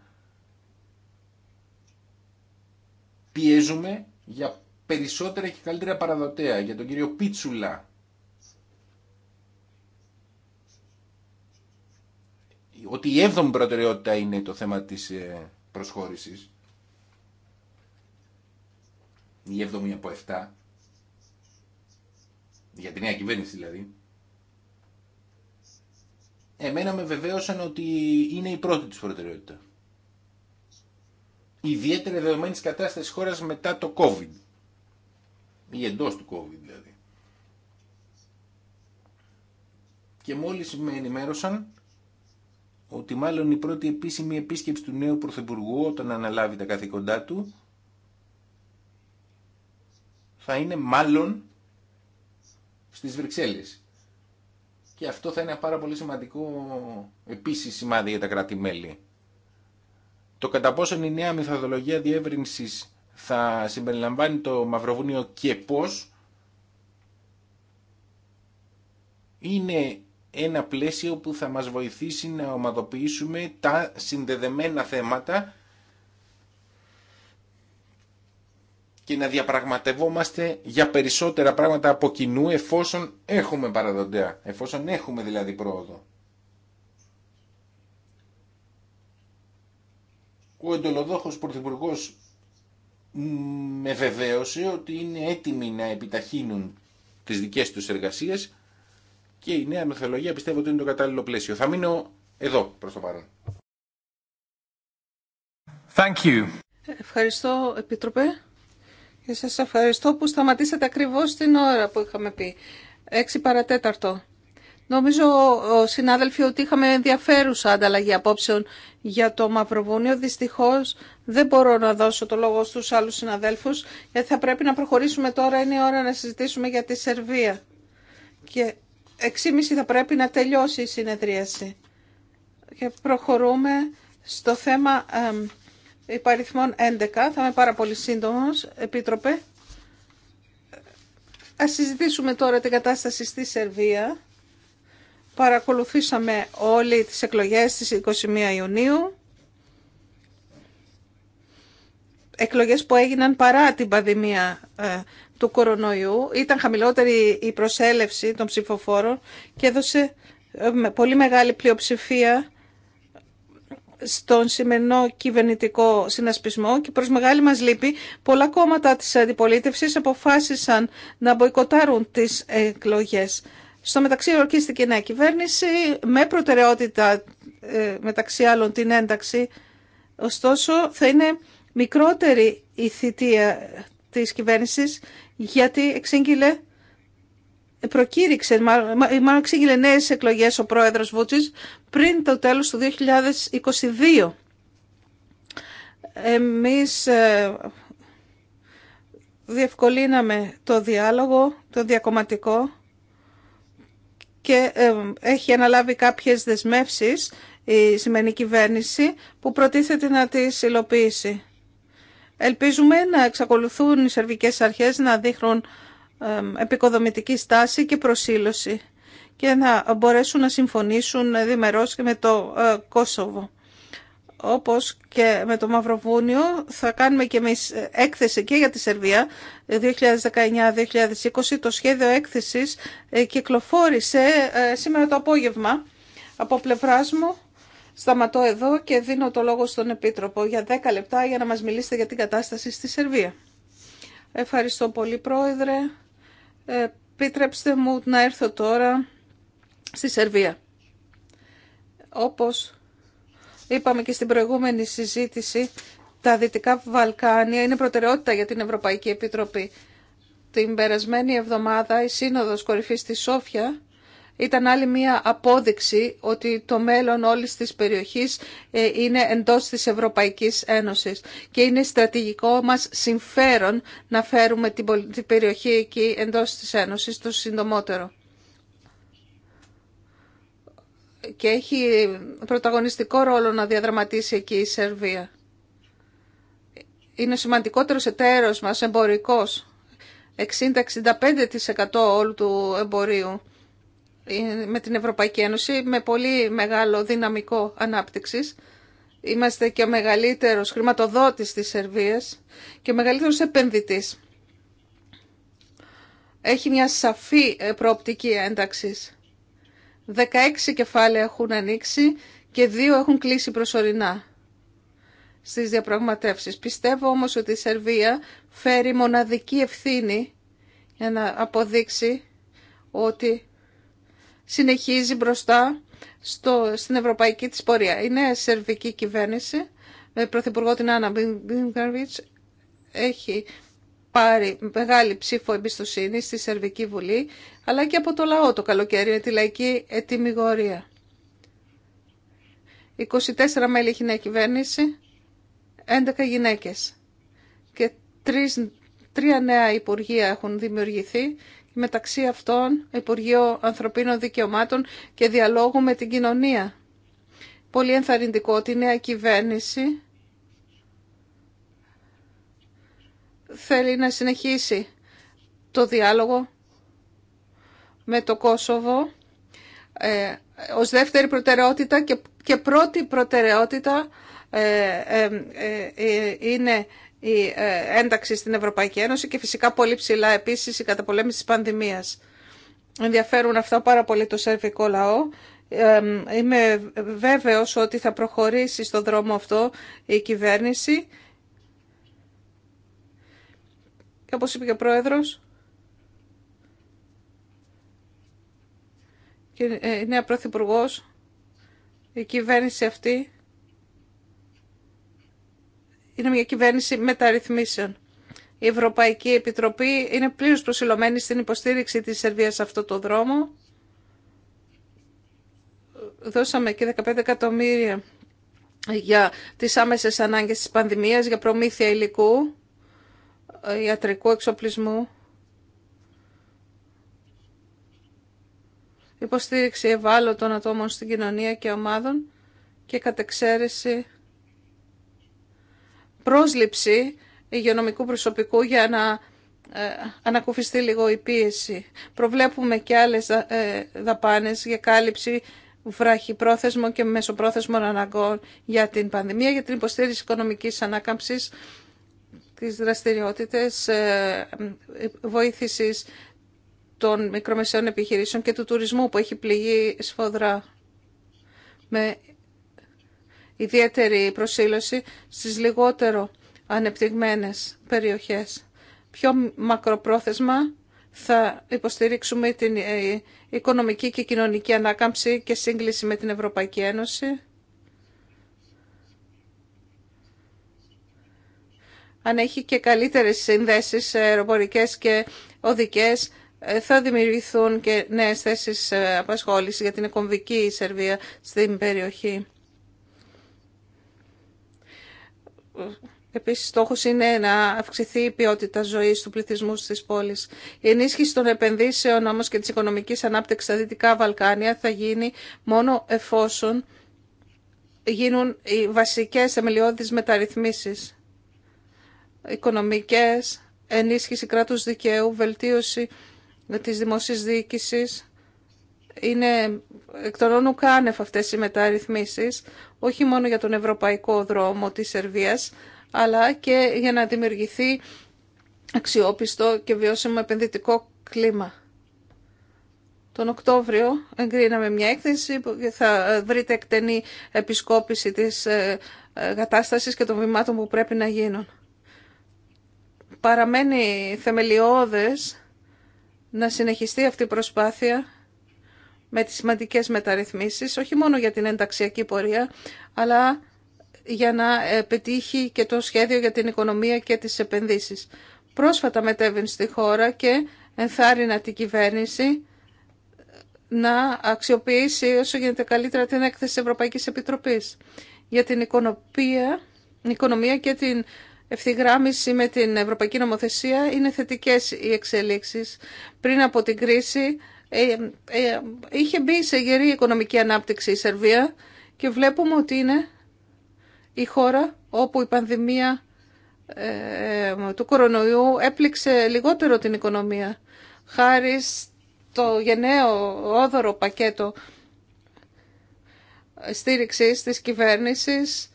πιέζουμε για περισσότερα και καλύτερα παραδοτέα, για τον κύριο Πίτσουλα. Ότι η έβδομη προτεραιότητα είναι το θέμα της ε, προσχώρησης. Η έβδομη από 7. Για την νέα κυβέρνηση δηλαδή. Εμένα με βεβαίωσαν ότι είναι η πρώτη της προτεραιότητα ιδιαίτερη δεδομένη της κατάστασης χώρας μετά το COVID ή εντό του COVID δηλαδή. Και μόλις με ενημέρωσαν ότι μάλλον η πρώτη επίσημη επίσκεψη του νέου Πρωθυπουργού όταν αναλάβει τα καθήκοντά του θα είναι μάλλον στις Βρυξέλλες. Και αυτό θα είναι ένα πάρα πολύ σημαντικό επίσης σημάδι για τα κράτη-μέλη. Το κατά πόσον η νέα μεθοδολογία διεύρυνσης θα συμπεριλαμβάνει το Μαυροβούνιο και πώς είναι ένα πλαίσιο που θα μας βοηθήσει να ομαδοποιήσουμε τα συνδεδεμένα θέματα και να διαπραγματευόμαστε για περισσότερα πράγματα από κοινού εφόσον έχουμε παραδοντέα, εφόσον έχουμε δηλαδή πρόοδο. ο εντολοδόχος Πρωθυπουργό με βεβαίωσε ότι είναι έτοιμοι να επιταχύνουν τις δικές τους εργασίες και η νέα μεθολογία πιστεύω ότι είναι το κατάλληλο πλαίσιο. Θα μείνω εδώ προς το παρόν. Thank you. Ευχαριστώ, Επίτροπε. Και σας ευχαριστώ που σταματήσατε ακριβώς την ώρα που είχαμε πει. Έξι παρατέταρτο. Νομίζω, συνάδελφοι, ότι είχαμε ενδιαφέρουσα ανταλλαγή απόψεων για το Μαυροβούνιο. Δυστυχώ δεν μπορώ να δώσω το λόγο στου άλλους συναδέλφους, γιατί θα πρέπει να προχωρήσουμε τώρα. Είναι η ώρα να συζητήσουμε για τη Σερβία. Και 6.30 θα πρέπει να τελειώσει η συνεδρίαση. Και προχωρούμε στο θέμα υπαριθμών 11. Θα είμαι πάρα πολύ σύντομο, Επίτροπε. Α συζητήσουμε τώρα την κατάσταση στη Σερβία Παρακολουθήσαμε όλοι τις εκλογές της 21 Ιουνίου. Εκλογές που έγιναν παρά την πανδημία ε, του κορονοϊού. Ήταν χαμηλότερη η προσέλευση των ψηφοφόρων και έδωσε ε, πολύ μεγάλη πλειοψηφία στον σημερινό κυβερνητικό συνασπισμό και προς μεγάλη μας λύπη πολλά κόμματα της αντιπολίτευσης αποφάσισαν να μποϊκοτάρουν τις εκλογές. Στο μεταξύ ορκίστηκε η νέα κυβέρνηση με προτεραιότητα ε, μεταξύ άλλων την ένταξη. Ωστόσο θα είναι μικρότερη η θητεία της κυβέρνησης γιατί εξήγηλε προκήρυξε, μάλλον εξήγηλε νέες εκλογές ο πρόεδρος Βούτσης πριν το τέλος του 2022. Εμείς ε, διευκολύναμε το διάλογο, το διακομματικό και έχει αναλάβει κάποιες δεσμεύσεις η σημερινή κυβέρνηση που προτίθεται να τις υλοποιήσει. Ελπίζουμε να εξακολουθούν οι σερβικές αρχές να δείχνουν επικοδομητική στάση και προσήλωση και να μπορέσουν να συμφωνήσουν διμερώς και με το ε, Κόσοβο όπως και με το Μαυροβούνιο θα κάνουμε και εμείς έκθεση και για τη Σερβία 2019-2020. Το σχέδιο έκθεσης ε, κυκλοφόρησε ε, σήμερα το απόγευμα από πλευράς μου. Σταματώ εδώ και δίνω το λόγο στον Επίτροπο για 10 λεπτά για να μας μιλήσετε για την κατάσταση στη Σερβία. Ευχαριστώ πολύ Πρόεδρε. Επίτρεψτε μου να έρθω τώρα στη Σερβία. Όπως Είπαμε και στην προηγούμενη συζήτηση, τα Δυτικά Βαλκάνια είναι προτεραιότητα για την Ευρωπαϊκή Επιτροπή. Την περασμένη εβδομάδα η Σύνοδος Κορυφής στη Σόφια ήταν άλλη μία απόδειξη ότι το μέλλον όλης της περιοχής ε, είναι εντός της Ευρωπαϊκής Ένωσης και είναι στρατηγικό μας συμφέρον να φέρουμε την περιοχή εκεί εντός της Ένωσης το συντομότερο και έχει πρωταγωνιστικό ρόλο να διαδραματίσει εκεί η Σερβία. Είναι ο σημαντικότερος εταίρος μας εμπορικός. 60-65% όλου του εμπορίου με την Ευρωπαϊκή Ένωση με πολύ μεγάλο δυναμικό ανάπτυξης. Είμαστε και ο μεγαλύτερος χρηματοδότης της Σερβίας και ο μεγαλύτερος επενδυτής. Έχει μια σαφή προοπτική ένταξης. 16 κεφάλαια έχουν ανοίξει και δύο έχουν κλείσει προσωρινά στις διαπραγματεύσεις. Πιστεύω όμως ότι η Σερβία φέρει μοναδική ευθύνη για να αποδείξει ότι συνεχίζει μπροστά στο, στην ευρωπαϊκή της πορεία. Η νέα σερβική κυβέρνηση, με πρωθυπουργό την Άννα έχει πάρει μεγάλη ψήφο εμπιστοσύνη στη Σερβική Βουλή, αλλά και από το λαό το καλοκαίρι τη λαϊκή ετοιμιγορία. 24 μέλη έχει νέα κυβέρνηση, 11 γυναίκες και 3, 3 νέα υπουργεία έχουν δημιουργηθεί μεταξύ αυτών Υπουργείο Ανθρωπίνων Δικαιωμάτων και Διαλόγου με την Κοινωνία. Πολύ ενθαρρυντικό ότι η νέα κυβέρνηση θέλει να συνεχίσει το διάλογο με το Κόσοβο ε, ως δεύτερη προτεραιότητα και, πρώτη προτεραιότητα ε, ε, ε, είναι η ένταξη στην Ευρωπαϊκή Ένωση και φυσικά πολύ ψηλά επίσης η καταπολέμηση της πανδημίας. Ενδιαφέρουν αυτά πάρα πολύ το σερβικό λαό. Είμαι βέβαιος ότι θα προχωρήσει στο δρόμο αυτό η κυβέρνηση και όπως είπε και ο Πρόεδρος, και ε, η νέα Πρωθυπουργός, η κυβέρνηση αυτή, είναι μια κυβέρνηση μεταρρυθμίσεων. Η Ευρωπαϊκή Επιτροπή είναι πλήρως προσιλωμένη στην υποστήριξη της Σερβίας σε αυτό το δρόμο. Δώσαμε και 15 εκατομμύρια για τις άμεσες ανάγκες της πανδημίας, για προμήθεια υλικού ε, ιατρικού εξοπλισμού, υποστήριξη ευάλωτων ατόμων στην κοινωνία και ομάδων και κατεξαίρεση πρόσληψη υγειονομικού προσωπικού για να ε, ανακουφιστεί λίγο η πίεση. Προβλέπουμε και άλλες ε, δαπάνες για κάλυψη πρόθεσμων και μεσοπρόθεσμων αναγκών για την πανδημία, για την υποστήριξη οικονομικής ανάκαμψης τις δραστηριότητες ε, βοήθησης των μικρομεσαίων επιχειρήσεων και του τουρισμού που έχει πληγεί σφοδρά με ιδιαίτερη προσήλωση στις λιγότερο ανεπτυγμένες περιοχές. Πιο μακροπρόθεσμα θα υποστηρίξουμε την ε, οικονομική και κοινωνική ανάκαμψη και σύγκληση με την Ευρωπαϊκή Ένωση αν έχει και καλύτερες συνδέσεις αεροπορικές και οδικές, ε, θα δημιουργηθούν και νέες θέσεις ε, απασχόλησης για την κομβική η Σερβία στην περιοχή. Επίσης, στόχος είναι να αυξηθεί η ποιότητα ζωής του πληθυσμού στις πόλεις. Η ενίσχυση των επενδύσεων όμως και της οικονομικής ανάπτυξης στα Δυτικά Βαλκάνια θα γίνει μόνο εφόσον γίνουν οι βασικές θεμελιώδεις μεταρρυθμίσεις οικονομικές, ενίσχυση κράτους δικαίου, βελτίωση της δημοσίας διοίκησης. Είναι εκ των όνων κάνευ αυτές οι μεταρρυθμίσεις, όχι μόνο για τον ευρωπαϊκό δρόμο της Σερβίας, αλλά και για να δημιουργηθεί αξιόπιστο και βιώσιμο επενδυτικό κλίμα. Τον Οκτώβριο εγκρίναμε μια έκθεση που θα βρείτε εκτενή επισκόπηση της ε, ε, κατάστασης και των βημάτων που πρέπει να γίνουν παραμένει θεμελιώδες να συνεχιστεί αυτή η προσπάθεια με τις σημαντικές μεταρρυθμίσεις, όχι μόνο για την ενταξιακή πορεία, αλλά για να πετύχει και το σχέδιο για την οικονομία και τις επενδύσεις. Πρόσφατα μετέβαινε στη χώρα και ενθάρρυνα την κυβέρνηση να αξιοποιήσει όσο γίνεται καλύτερα την έκθεση Ευρωπαϊκής Επιτροπής για την οικονομία, οικονομία και την ευθυγράμμιση με την Ευρωπαϊκή Νομοθεσία είναι θετικές οι εξελίξεις. Πριν από την κρίση ε, ε, είχε μπει σε γερή οικονομική ανάπτυξη η Σερβία και βλέπουμε ότι είναι η χώρα όπου η πανδημία ε, του κορονοϊού έπληξε λιγότερο την οικονομία. Χάρη στο γενναίο όδωρο πακέτο στήριξης της κυβέρνησης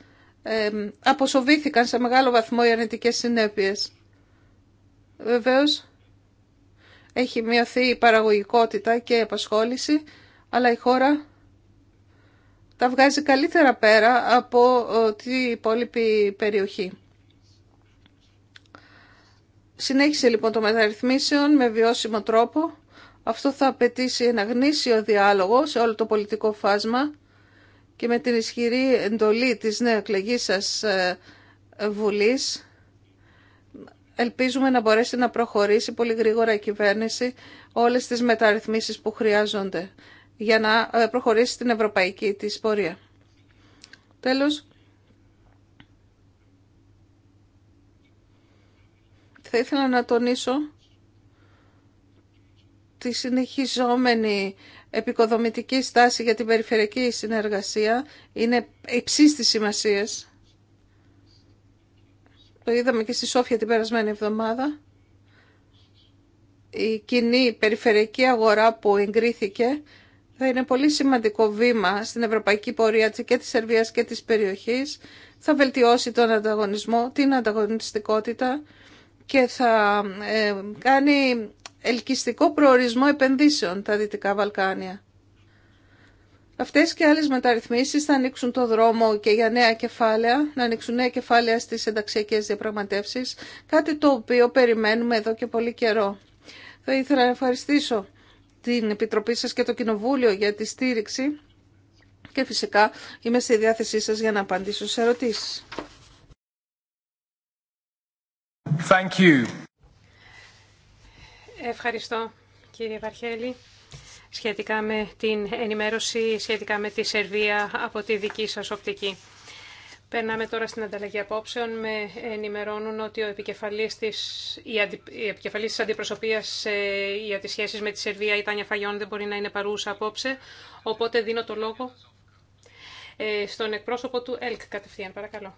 αποσοβήθηκαν σε μεγάλο βαθμό οι αρνητικές συνέπειες. Βεβαίως, έχει μειωθεί η παραγωγικότητα και η απασχόληση, αλλά η χώρα τα βγάζει καλύτερα πέρα από ε, την υπόλοιπη περιοχή. Συνέχισε λοιπόν το μεταρρυθμίσεων με βιώσιμο τρόπο. Αυτό θα απαιτήσει ένα γνήσιο διάλογο σε όλο το πολιτικό φάσμα και με την ισχυρή εντολή της νέα εκλεγής σας ε, Βουλής ελπίζουμε να μπορέσει να προχωρήσει πολύ γρήγορα η κυβέρνηση όλες τις μεταρρυθμίσεις που χρειάζονται για να ε, προχωρήσει στην ευρωπαϊκή της πορεία. Τέλος, θα ήθελα να τονίσω τη συνεχιζόμενη επικοδομητική στάση για την περιφερειακή συνεργασία είναι υψής της σημασίας. Το είδαμε και στη Σόφια την περασμένη εβδομάδα. Η κοινή περιφερειακή αγορά που εγκρίθηκε θα είναι πολύ σημαντικό βήμα στην ευρωπαϊκή πορεία και της Σερβίας και της περιοχής. Θα βελτιώσει τον ανταγωνισμό, την ανταγωνιστικότητα και θα ε, κάνει ελκυστικό προορισμό επενδύσεων τα Δυτικά Βαλκάνια. Αυτές και άλλες μεταρρυθμίσεις θα ανοίξουν το δρόμο και για νέα κεφάλαια, να ανοίξουν νέα κεφάλαια στις ενταξιακές διαπραγματεύσεις, κάτι το οποίο περιμένουμε εδώ και πολύ καιρό. Θα ήθελα να ευχαριστήσω την Επιτροπή σας και το Κοινοβούλιο για τη στήριξη και φυσικά είμαι στη διάθεσή σας για να απαντήσω σε ερωτήσεις. Ευχαριστώ κύριε Βαρχέλη. Σχετικά με την ενημέρωση, σχετικά με τη Σερβία από τη δική σας οπτική. Περνάμε τώρα στην ανταλλαγή απόψεων. Με ενημερώνουν ότι ο επικεφαλής της, η, επικεφαλής της αντιπροσωπείας ε, για τις σχέσεις με τη Σερβία, η Τάνια Φαγιών, δεν μπορεί να είναι παρούσα απόψε. Οπότε δίνω το λόγο ε, στον εκπρόσωπο του ΕΛΚ κατευθείαν. Παρακαλώ.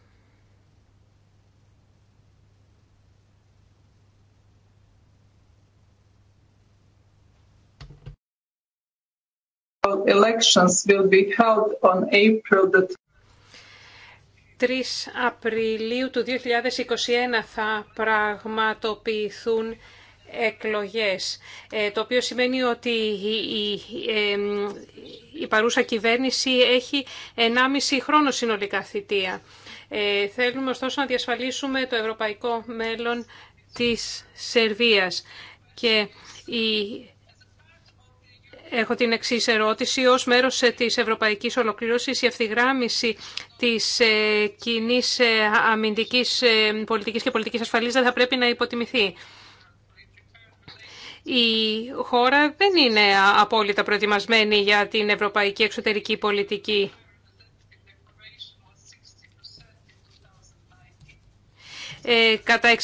elections will be held on April 3 Απριλίου του 2021 θα πραγματοποιηθούν εκλογές, ε, το οποίο σημαίνει ότι η, η ε, παρούσα κυβέρνηση έχει 1,5 χρόνο συνολικά θητεία. Ε, θέλουμε ωστόσο να διασφαλίσουμε το ευρωπαϊκό μέλλον της Σερβίας και η Έχω την εξή ερώτηση. ω μέρο ε, της ευρωπαϊκής ολοκλήρωσης, η ευθυγράμμιση της ε, κοινή ε, αμυντικής πολιτικής και πολιτικής ασφαλή δεν θα πρέπει να υποτιμηθεί. Η χώρα δεν είναι απόλυτα προετοιμασμένη για την ευρωπαϊκή εξωτερική πολιτική. Ε, κατά 60%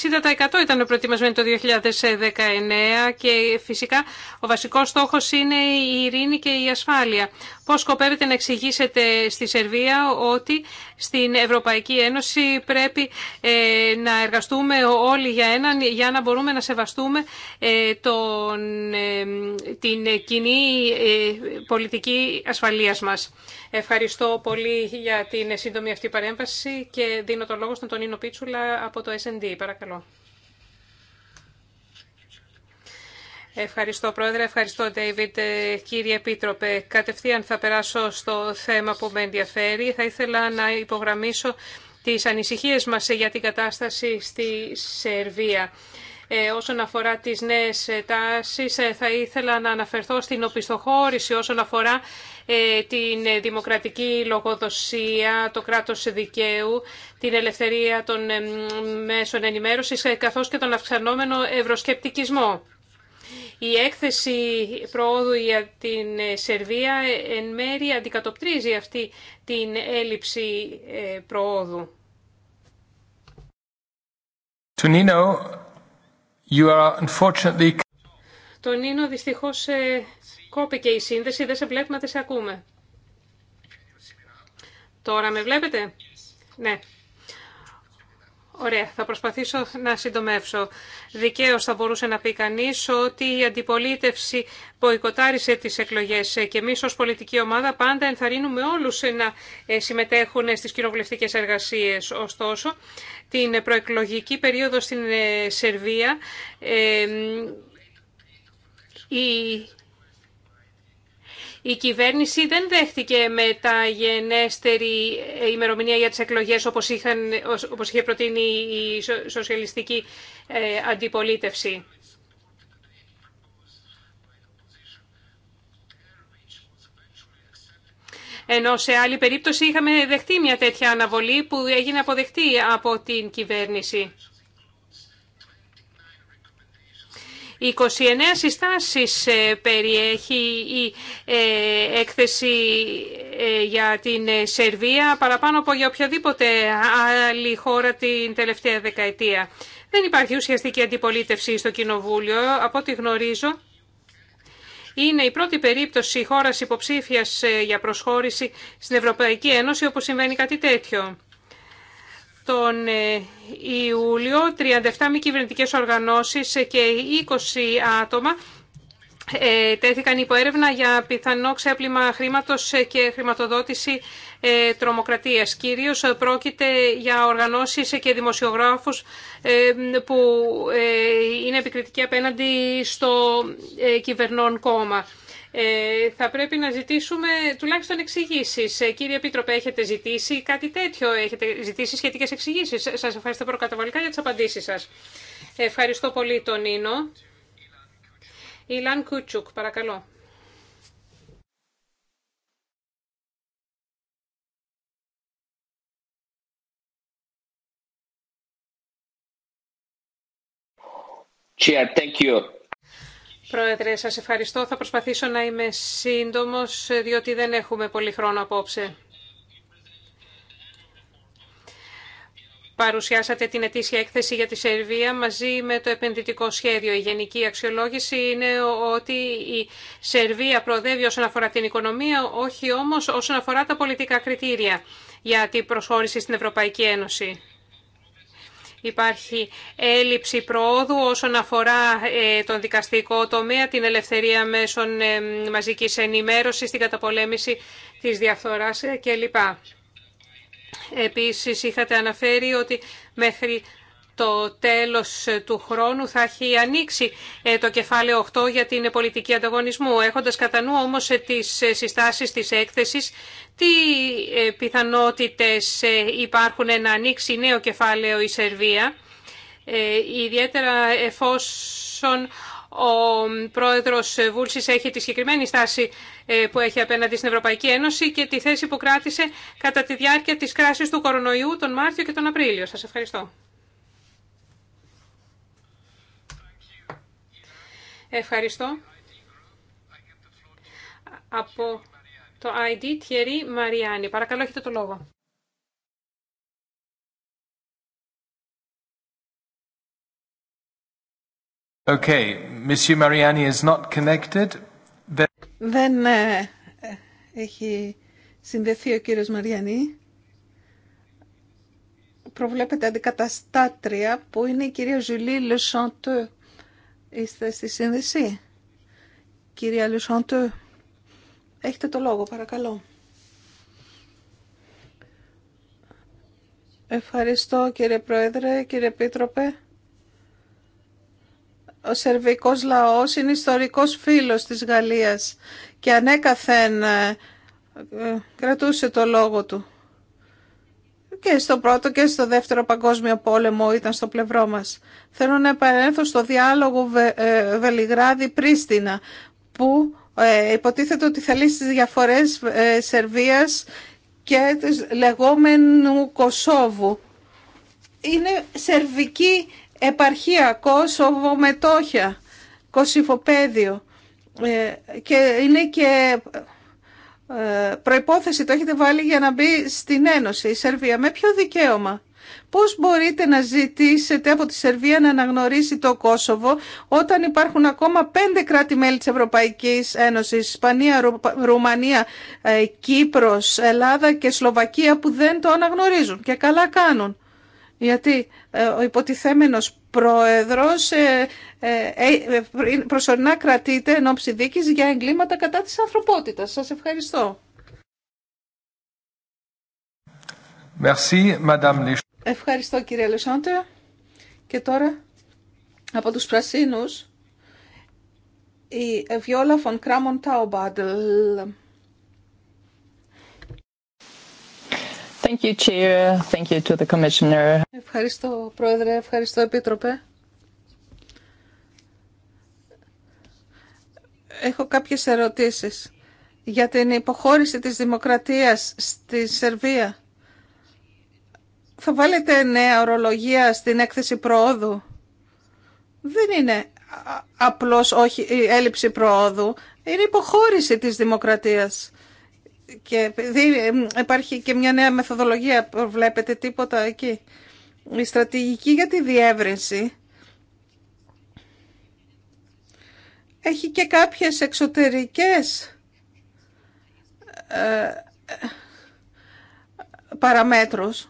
ήταν προετοιμασμένοι το 2019 και φυσικά ο βασικός στόχος είναι η ειρήνη και η ασφάλεια. Πώς σκοπεύετε να εξηγήσετε στη Σερβία ότι στην Ευρωπαϊκή Ένωση πρέπει ε, να εργαστούμε όλοι για έναν για να μπορούμε να σεβαστούμε ε, τον, ε, την κοινή πολιτική ασφαλείας μας. Ευχαριστώ πολύ για την σύντομη αυτή παρέμβαση και δίνω το λόγο στον Τονίνο Πίτσουλα από το S&D. Παρακαλώ. Ευχαριστώ Πρόεδρε, ευχαριστώ Ντέιβιντ. Ε, κύριε Επίτροπε, κατευθείαν θα περάσω στο θέμα που με ενδιαφέρει. Θα ήθελα να υπογραμμίσω τις ανησυχίες μας για την κατάσταση στη Σερβία. Ε, όσον αφορά τις νέες τάσεις, ε, θα ήθελα να αναφερθώ στην οπισθοχώρηση όσον αφορά ε, την δημοκρατική λογοδοσία, το κράτος δικαίου, την ελευθερία των μέσων ενημέρωσης, ε, καθώς και τον αυξανόμενο ευροσκεπτικισμό. Η έκθεση προόδου για την ε, Σερβία ε, εν μέρη αντικατοπτρίζει αυτή την έλλειψη ε, προόδου. Τονίνο, you are unfortunately... Το δυστυχώς κόπηκε η σύνδεση, δεν σε βλέπουμε, δεν σε ακούμε. Τώρα με βλέπετε. Ναι. Ωραία, θα προσπαθήσω να συντομεύσω. Δικαίω θα μπορούσε να πει κανεί ότι η αντιπολίτευση μποϊκοτάρισε τι εκλογέ και εμεί ω πολιτική ομάδα πάντα ενθαρρύνουμε όλου να ε, συμμετέχουν στι κοινοβουλευτικέ εργασίε. Ωστόσο, την προεκλογική περίοδο στην ε, Σερβία ε, η η κυβέρνηση δεν δέχτηκε γενέστερη ημερομηνία για τις εκλογές όπως, είχαν, όπως είχε προτείνει η σοσιαλιστική ε, αντιπολίτευση. Ενώ σε άλλη περίπτωση είχαμε δεχτεί μια τέτοια αναβολή που έγινε αποδεχτή από την κυβέρνηση. 29 συστάσεις ε, περιέχει η ε, έκθεση ε, για την Σερβία παραπάνω από για οποιαδήποτε άλλη χώρα την τελευταία δεκαετία. Δεν υπάρχει ουσιαστική αντιπολίτευση στο Κοινοβούλιο, από ό,τι γνωρίζω. Είναι η πρώτη περίπτωση χώρας υποψήφιας για προσχώρηση στην Ευρωπαϊκή Ένωση όπου συμβαίνει κάτι τέτοιο τον ε, Ιούλιο 37 μη κυβερνητικέ οργανώσεις και 20 άτομα ε, τέθηκαν υπό έρευνα για πιθανό ξέπλυμα χρήματος και χρηματοδότηση ε, τρομοκρατίας. Κυρίως πρόκειται για οργανώσεις και δημοσιογράφους που είναι επικριτικοί απέναντι στο κυβερνών κόμμα. Ε, θα πρέπει να ζητήσουμε τουλάχιστον εξηγήσει. Ε, κύριε Επίτροπε, έχετε ζητήσει κάτι τέτοιο, έχετε ζητήσει σχετικέ εξηγήσει. Σα ευχαριστώ προκαταβολικά για τι απαντήσει σα. Ευχαριστώ πολύ τον Νίνο. Ιλάν Κούτσουκ, παρακαλώ. Chair, thank you. Πρόεδρε, σας ευχαριστώ. Θα προσπαθήσω να είμαι σύντομος, διότι δεν έχουμε πολύ χρόνο απόψε. Παρουσιάσατε την ετήσια έκθεση για τη Σερβία μαζί με το επενδυτικό σχέδιο. Η γενική αξιολόγηση είναι ότι η Σερβία προοδεύει όσον αφορά την οικονομία, όχι όμως όσον αφορά τα πολιτικά κριτήρια για την προσχώρηση στην Ευρωπαϊκή Ένωση. Υπάρχει έλλειψη προόδου όσον αφορά ε, τον δικαστικό τομέα, την ελευθερία μέσων ε, μαζικής ενημέρωσης, την καταπολέμηση της διαφθοράς ε, κλπ. Επίσης είχατε αναφέρει ότι μέχρι το τέλος του χρόνου θα έχει ανοίξει ε, το κεφάλαιο 8 για την πολιτική ανταγωνισμού. Έχοντας κατά νου όμως ε, τις ε, συστάσεις της έκθεσης, τι πιθανότητες υπάρχουν να ανοίξει νέο κεφάλαιο η Σερβία, ιδιαίτερα εφόσον ο πρόεδρος Βούλσης έχει τη συγκεκριμένη στάση που έχει απέναντι στην Ευρωπαϊκή Ένωση και τη θέση που κράτησε κατά τη διάρκεια της κράσης του κορονοϊού τον Μάρτιο και τον Απρίλιο. Σας ευχαριστώ. Ευχαριστώ. Από το ID Thierry Μαριάννη. Παρακαλώ, έχετε το λόγο. Okay, Monsieur Mariani is not connected. Δεν ε, έχει συνδεθεί ο κύριος Μαριανή. Προβλέπεται αντικαταστάτρια που είναι η κυρία Ζουλή Chanteux. Είστε στη σύνδεση. Κυρία Λουσόντου, έχετε το λόγο, παρακαλώ. Ευχαριστώ κύριε Πρόεδρε, κύριε Επίτροπε. Ο σερβικός λαός είναι ιστορικός φίλος της Γαλλίας και ανέκαθεν ε, ε, κρατούσε το λόγο του και στο πρώτο και στο δεύτερο παγκόσμιο πόλεμο ήταν στο πλευρό μας. Θέλω να επανέλθω στο διάλογο ε, βελιγράδι, πριστινα που ε, υποτίθεται ότι θα λύσει τις διαφορές ε, Σερβίας και της λεγόμενου Κωσόβου. Είναι σερβική επαρχία, Κόσοβο μετόχια, Κωσυφοπαίδιο ε, και είναι και ε, προϋπόθεση το έχετε βάλει για να μπει στην Ένωση η Σερβία. Με ποιο δικαίωμα. Πώς μπορείτε να ζητήσετε από τη Σερβία να αναγνωρίσει το Κόσοβο όταν υπάρχουν ακόμα πέντε κράτη-μέλη της Ευρωπαϊκής Ένωσης, Ισπανία, Ρουμανία, ε, Κύπρος, Ελλάδα και Σλοβακία που δεν το αναγνωρίζουν και καλά κάνουν γιατί ε, ο υποτιθέμενος πρόεδρος ε, ε, προσωρινά κρατείται εν ώψη δίκης για εγκλήματα κατά της ανθρωπότητας. Σας ευχαριστώ. Merci, Madame Ευχαριστώ κύριε Λεσόντε. Και τώρα από τους Πρασίνους η Βιόλα Φον Κράμον Ευχαριστώ, Πρόεδρε. Ευχαριστώ, Επίτροπε. Έχω κάποιες ερωτήσεις για την υποχώρηση της δημοκρατίας στη Σερβία. Θα βάλετε νέα ορολογία στην έκθεση προόδου. Δεν είναι απλώς όχι, η έλλειψη προόδου. Είναι υποχώρηση της δημοκρατίας και επειδή υπάρχει και μια νέα μεθοδολογία, βλέπετε τίποτα εκεί. Η στρατηγική για τη διεύρυνση έχει και κάποιες εξωτερικές ε, παραμέτρους.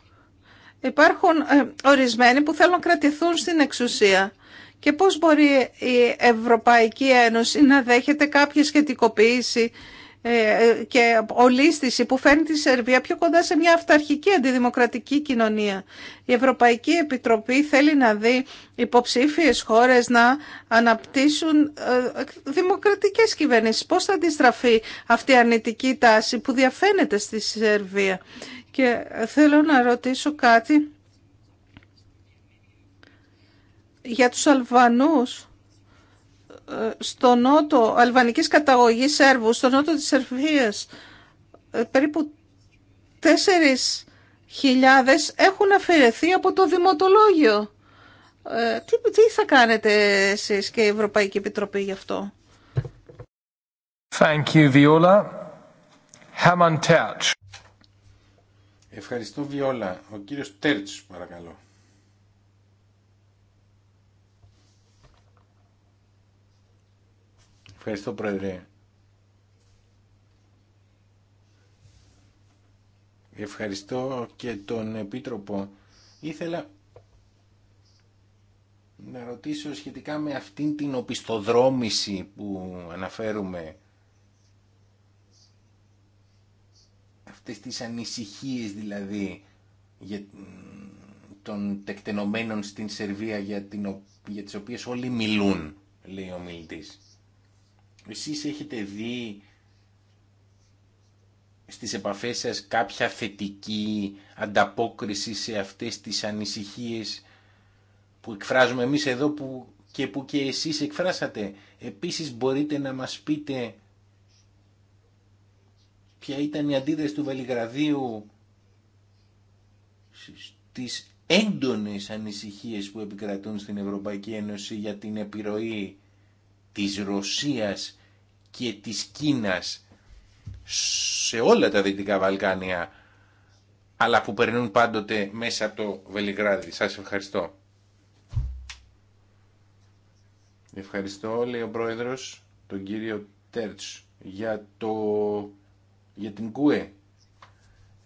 Υπάρχουν ε, ορισμένοι που θέλουν να κρατηθούν στην εξουσία. Και πώς μπορεί η Ευρωπαϊκή Ένωση να δέχεται κάποια σχετικοποίηση ε, ε, και ολίσθηση που φέρνει τη Σερβία πιο κοντά σε μια αυταρχική αντιδημοκρατική κοινωνία. Η Ευρωπαϊκή Επιτροπή θέλει να δει υποψήφιες χώρες να αναπτύσσουν ε, δημοκρατικές κυβερνήσεις. Πώς θα αντιστραφεί αυτή η αρνητική τάση που διαφαίνεται στη Σερβία. Και θέλω να ρωτήσω κάτι για τους Αλβανούς στο νότο αλβανικής καταγωγής Σέρβου, στο νότο της Σερβίας, ε, περίπου 4.000 έχουν αφαιρεθεί από το δημοτολόγιο. Ε, τι, θα κάνετε εσείς και η Ευρωπαϊκή Επιτροπή γι' αυτό. Thank you, Viola. Ευχαριστώ, Βιόλα. Ο κύριος Τέρτς, παρακαλώ. Ευχαριστώ Πρόεδρε. Ευχαριστώ και τον Επίτροπο. Ήθελα να ρωτήσω σχετικά με αυτήν την οπισθοδρόμηση που αναφέρουμε αυτές τις ανησυχίες δηλαδή για των τεκτενομένων στην Σερβία για, την, για τις οποίες όλοι μιλούν λέει ο μιλητής εσείς έχετε δει στις επαφές σας κάποια θετική ανταπόκριση σε αυτές τις ανησυχίες που εκφράζουμε εμείς εδώ που και που και εσείς εκφράσατε. Επίσης μπορείτε να μας πείτε ποια ήταν η αντίδραση του Βελιγραδίου στις έντονες ανησυχίες που επικρατούν στην Ευρωπαϊκή Ένωση για την επιρροή της Ρωσίας και της Κίνας σε όλα τα Δυτικά Βαλκάνια αλλά που περνούν πάντοτε μέσα από το Βελιγράδι. Σας ευχαριστώ. Ευχαριστώ, λέει ο Πρόεδρος, τον κύριο Τέρτς, για, το... για την ΚΟΕ.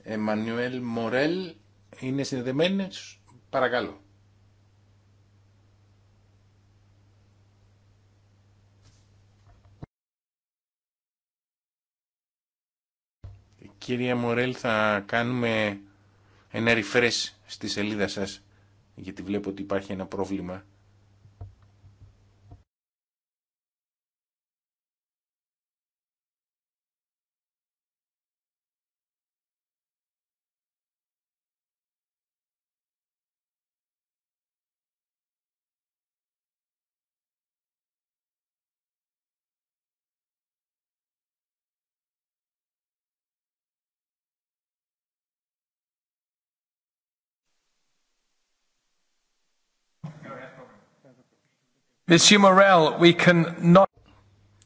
Εμμανουέλ Μορέλ είναι συνδεμένος. Παρακαλώ. Κυρία Μορέλ, θα κάνουμε ένα refresh στη σελίδα σας, γιατί βλέπω ότι υπάρχει ένα πρόβλημα.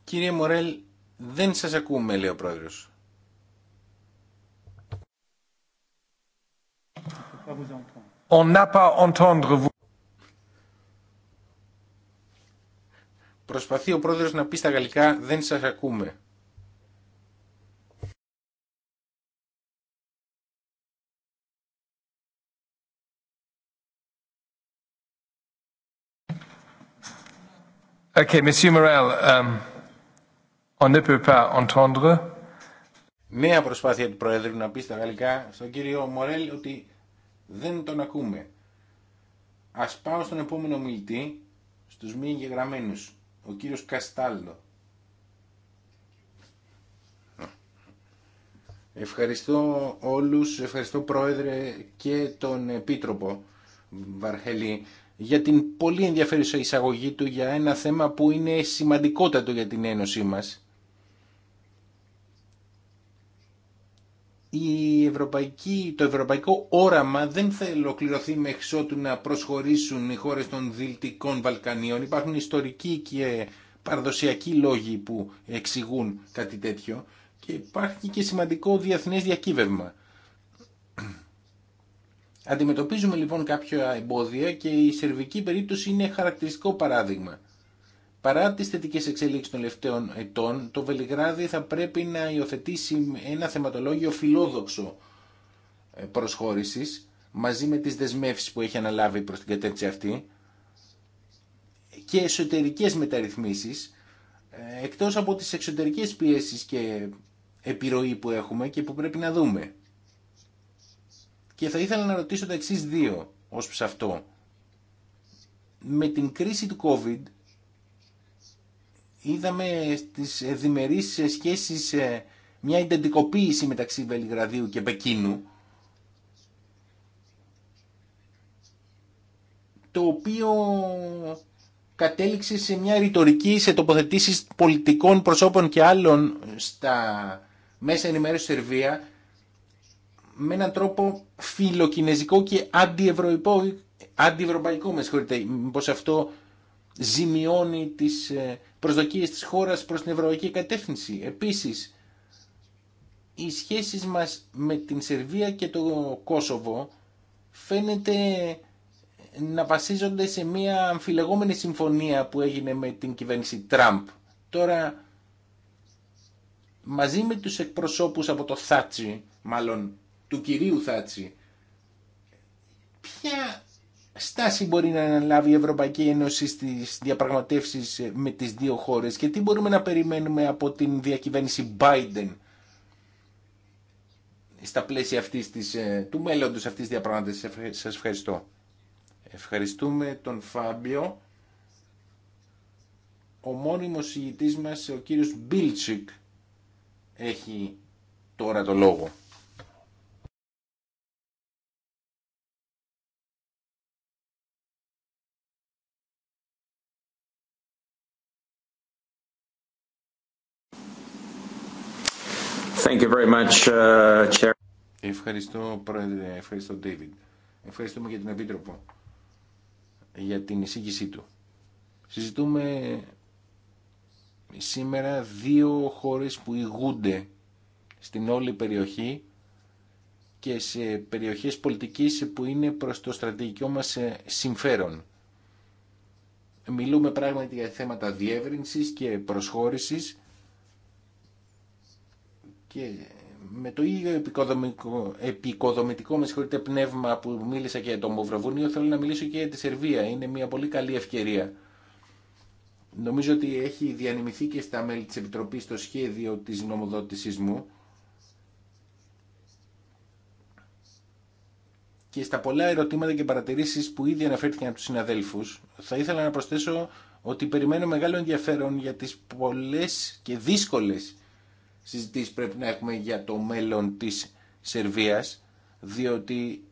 Κύριε Μορέλ, δεν σας ακούμε, λέει ο πρόεδρος. On pas Προσπαθεί ο πρόεδρος να πει στα γαλλικά, δεν σας ακούμε. Okay, Monsieur Morel, um, on ne peut pas entendre. Νέα προσπάθεια του Προέδρου να πει στα γαλλικά στον κύριο Μορέλ ότι δεν τον ακούμε. Α πάω στον επόμενο μιλητή, στου μη εγγεγραμμένου, ο κύριο Καστάλλο. Ευχαριστώ όλους, ευχαριστώ Πρόεδρε και τον Επίτροπο Βαρχελή για την πολύ ενδιαφέρουσα εισαγωγή του για ένα θέμα που είναι σημαντικότατο για την Ένωσή μας. Η ευρωπαϊκή, το ευρωπαϊκό όραμα δεν θα ολοκληρωθεί μέχρι ότου να προσχωρήσουν οι χώρες των Δυτικών Βαλκανίων. Υπάρχουν ιστορικοί και παραδοσιακοί λόγοι που εξηγούν κάτι τέτοιο και υπάρχει και σημαντικό διεθνές διακύβευμα. Αντιμετωπίζουμε λοιπόν κάποια εμπόδια και η σερβική περίπτωση είναι χαρακτηριστικό παράδειγμα. Παρά τις θετικές εξέλιξεις των τελευταίων ετών, το Βελιγράδι θα πρέπει να υιοθετήσει ένα θεματολόγιο φιλόδοξο ε, προσχώρησης μαζί με τις δεσμεύσεις που έχει αναλάβει προς την κατεύθυνση αυτή και εσωτερικές μεταρρυθμίσεις ε, εκτός από τις εξωτερικές πιέσεις και επιρροή που έχουμε και που πρέπει να δούμε. Και θα ήθελα να ρωτήσω τα εξή δύο ως προς αυτό. Με την κρίση του COVID είδαμε στις διμερείς σχέσεις ε, μια ιντεντικοποίηση μεταξύ Βελιγραδίου και Πεκίνου το οποίο κατέληξε σε μια ρητορική σε τοποθετήσεις πολιτικών προσώπων και άλλων στα μέσα ενημέρωση Σερβία με έναν τρόπο φιλοκινέζικο και αντιευρωπαϊκό, με συγχωρείτε, μήπως αυτό ζημιώνει τις ε, προσδοκίες της χώρας προς την ευρωπαϊκή κατεύθυνση. Επίσης, οι σχέσεις μας με την Σερβία και το Κόσοβο φαίνεται να βασίζονται σε μια αμφιλεγόμενη συμφωνία που έγινε με την κυβέρνηση Τραμπ. Τώρα, μαζί με τους εκπροσώπους από το Θάτσι, μάλλον του κυρίου Θάτσι. Ποια στάση μπορεί να αναλάβει η Ευρωπαϊκή Ένωση στις διαπραγματεύσεις με τις δύο χώρες και τι μπορούμε να περιμένουμε από την διακυβέρνηση Biden στα πλαίσια αυτής της, ε, του μέλλοντος αυτής της διαπραγματεύσης. Σας ευχαριστώ. Ευχαριστούμε τον Φάμπιο. Ο μόνιμος ηγητής μας, ο κύριος Μπίλτσικ, έχει τώρα το λόγο. very uh, Ευχαριστώ, Πρόεδρε. Ευχαριστώ, David. Ευχαριστούμε για την Επίτροπο για την εισήγησή του. Συζητούμε σήμερα δύο χώρες που ηγούνται στην όλη περιοχή και σε περιοχές πολιτικής που είναι προς το στρατηγικό μας ε, συμφέρον. Μιλούμε πράγματι για θέματα διεύρυνσης και προσχώρησης και με το ίδιο επικοδομητικό με συγχωρείτε πνεύμα που μίλησα και για το Μοβροβούνιο θέλω να μιλήσω και για τη Σερβία. Είναι μια πολύ καλή ευκαιρία. Νομίζω ότι έχει διανυμηθεί και στα μέλη της Επιτροπής το σχέδιο της νομοδότησής μου και στα πολλά ερωτήματα και παρατηρήσεις που ήδη αναφέρθηκαν από τους συναδέλφους θα ήθελα να προσθέσω ότι περιμένω μεγάλο ενδιαφέρον για τις πολλές και δύσκολες συζητήσεις πρέπει να έχουμε για το μέλλον της Σερβίας, διότι,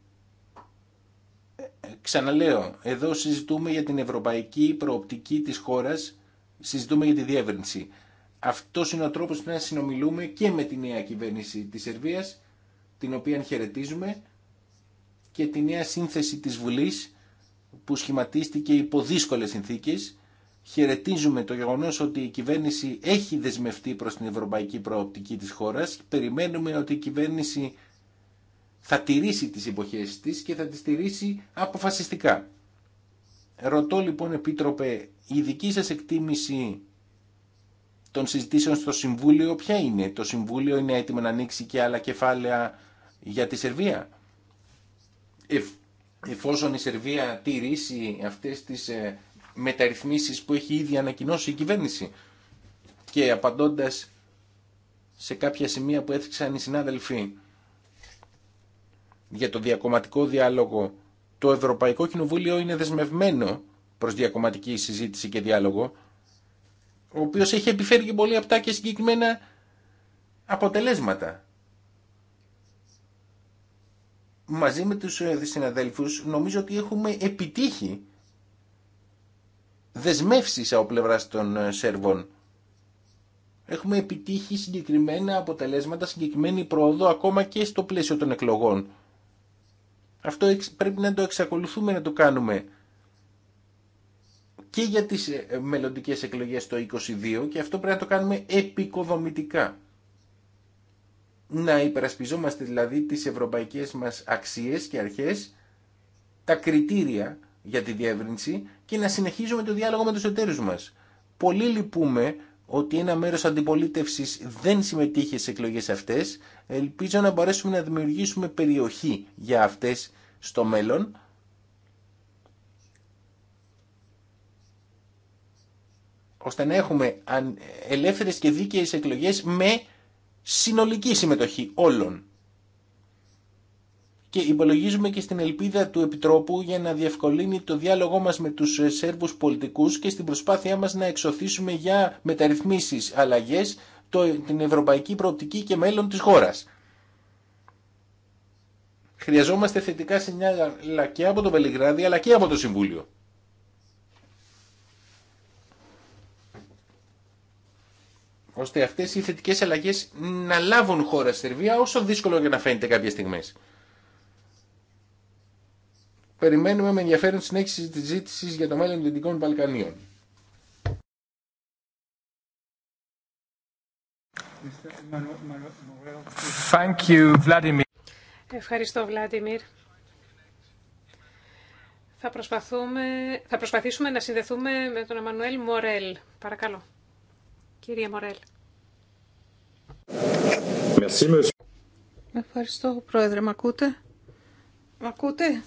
ε, ξαναλέω, εδώ συζητούμε για την ευρωπαϊκή προοπτική της χώρας, συζητούμε για τη διεύρυνση. Αυτό είναι ο τρόπος να συνομιλούμε και με τη νέα κυβέρνηση της Σερβίας, την οποία χαιρετίζουμε, και τη νέα σύνθεση της Βουλής, που σχηματίστηκε υπό δύσκολες συνθήκες, χαιρετίζουμε το γεγονός ότι η κυβέρνηση έχει δεσμευτεί προς την ευρωπαϊκή προοπτική της χώρας. Περιμένουμε ότι η κυβέρνηση θα τηρήσει τις εποχές της και θα τις τηρήσει αποφασιστικά. Ρωτώ λοιπόν Επίτροπε, η δική σας εκτίμηση των συζητήσεων στο Συμβούλιο ποια είναι. Το Συμβούλιο είναι έτοιμο να ανοίξει και άλλα κεφάλαια για τη Σερβία. εφόσον η Σερβία τηρήσει αυτές τις ε, μεταρρυθμίσεις που έχει ήδη ανακοινώσει η κυβέρνηση. Και απαντώντας σε κάποια σημεία που έθιξαν οι συνάδελφοι για το διακομματικό διάλογο, το Ευρωπαϊκό Κοινοβούλιο είναι δεσμευμένο προς διακομματική συζήτηση και διάλογο, ο οποίος έχει επιφέρει και πολύ απτά και συγκεκριμένα αποτελέσματα. Μαζί με τους συναδέλφους νομίζω ότι έχουμε επιτύχει Δεσμεύσει από πλευρά των ε, Σέρβων. Έχουμε επιτύχει συγκεκριμένα αποτελέσματα, συγκεκριμένη πρόοδο ακόμα και στο πλαίσιο των εκλογών. Αυτό πρέπει να το εξακολουθούμε να το κάνουμε και για τις ε, μελλοντικές εκλογές το 22 και αυτό πρέπει να το κάνουμε επικοδομητικά. Να υπερασπιζόμαστε δηλαδή τις ευρωπαϊκές μας αξίες και αρχές, τα κριτήρια για τη διεύρυνση και να συνεχίζουμε το διάλογο με τους εταίρους μας. Πολύ λυπούμε ότι ένα μέρος αντιπολίτευσης δεν συμμετείχε σε εκλογές αυτές. Ελπίζω να μπορέσουμε να δημιουργήσουμε περιοχή για αυτές στο μέλλον. ώστε να έχουμε ελεύθερες και δίκαιες εκλογές με συνολική συμμετοχή όλων και υπολογίζουμε και στην ελπίδα του Επιτρόπου για να διευκολύνει το διάλογό μας με τους ε, Σέρβους πολιτικούς και στην προσπάθειά μας να εξωθήσουμε για μεταρρυθμίσεις, αλλαγές, το, την ευρωπαϊκή προοπτική και μέλλον της χώρας. Χρειαζόμαστε θετικά σημεία και από το Πελιγράδι αλλά και από το Συμβούλιο. ώστε αυτές οι θετικές αλλαγές να λάβουν χώρα Σερβία όσο δύσκολο και να φαίνεται κάποιες στιγμές περιμένουμε με ενδιαφέρον συνέχιση τη ζήτηση για το μέλλον των Δυτικών Βαλκανίων. Ευχαριστώ, Βλάντιμιρ. Θα, προσπαθούμε, θα προσπαθήσουμε να συνδεθούμε με τον Εμμανουέλ Μορέλ. Παρακαλώ. Κύριε Μορέλ. Ευχαριστώ, Πρόεδρε. Μ' ακούτε? Μ' ακούτε?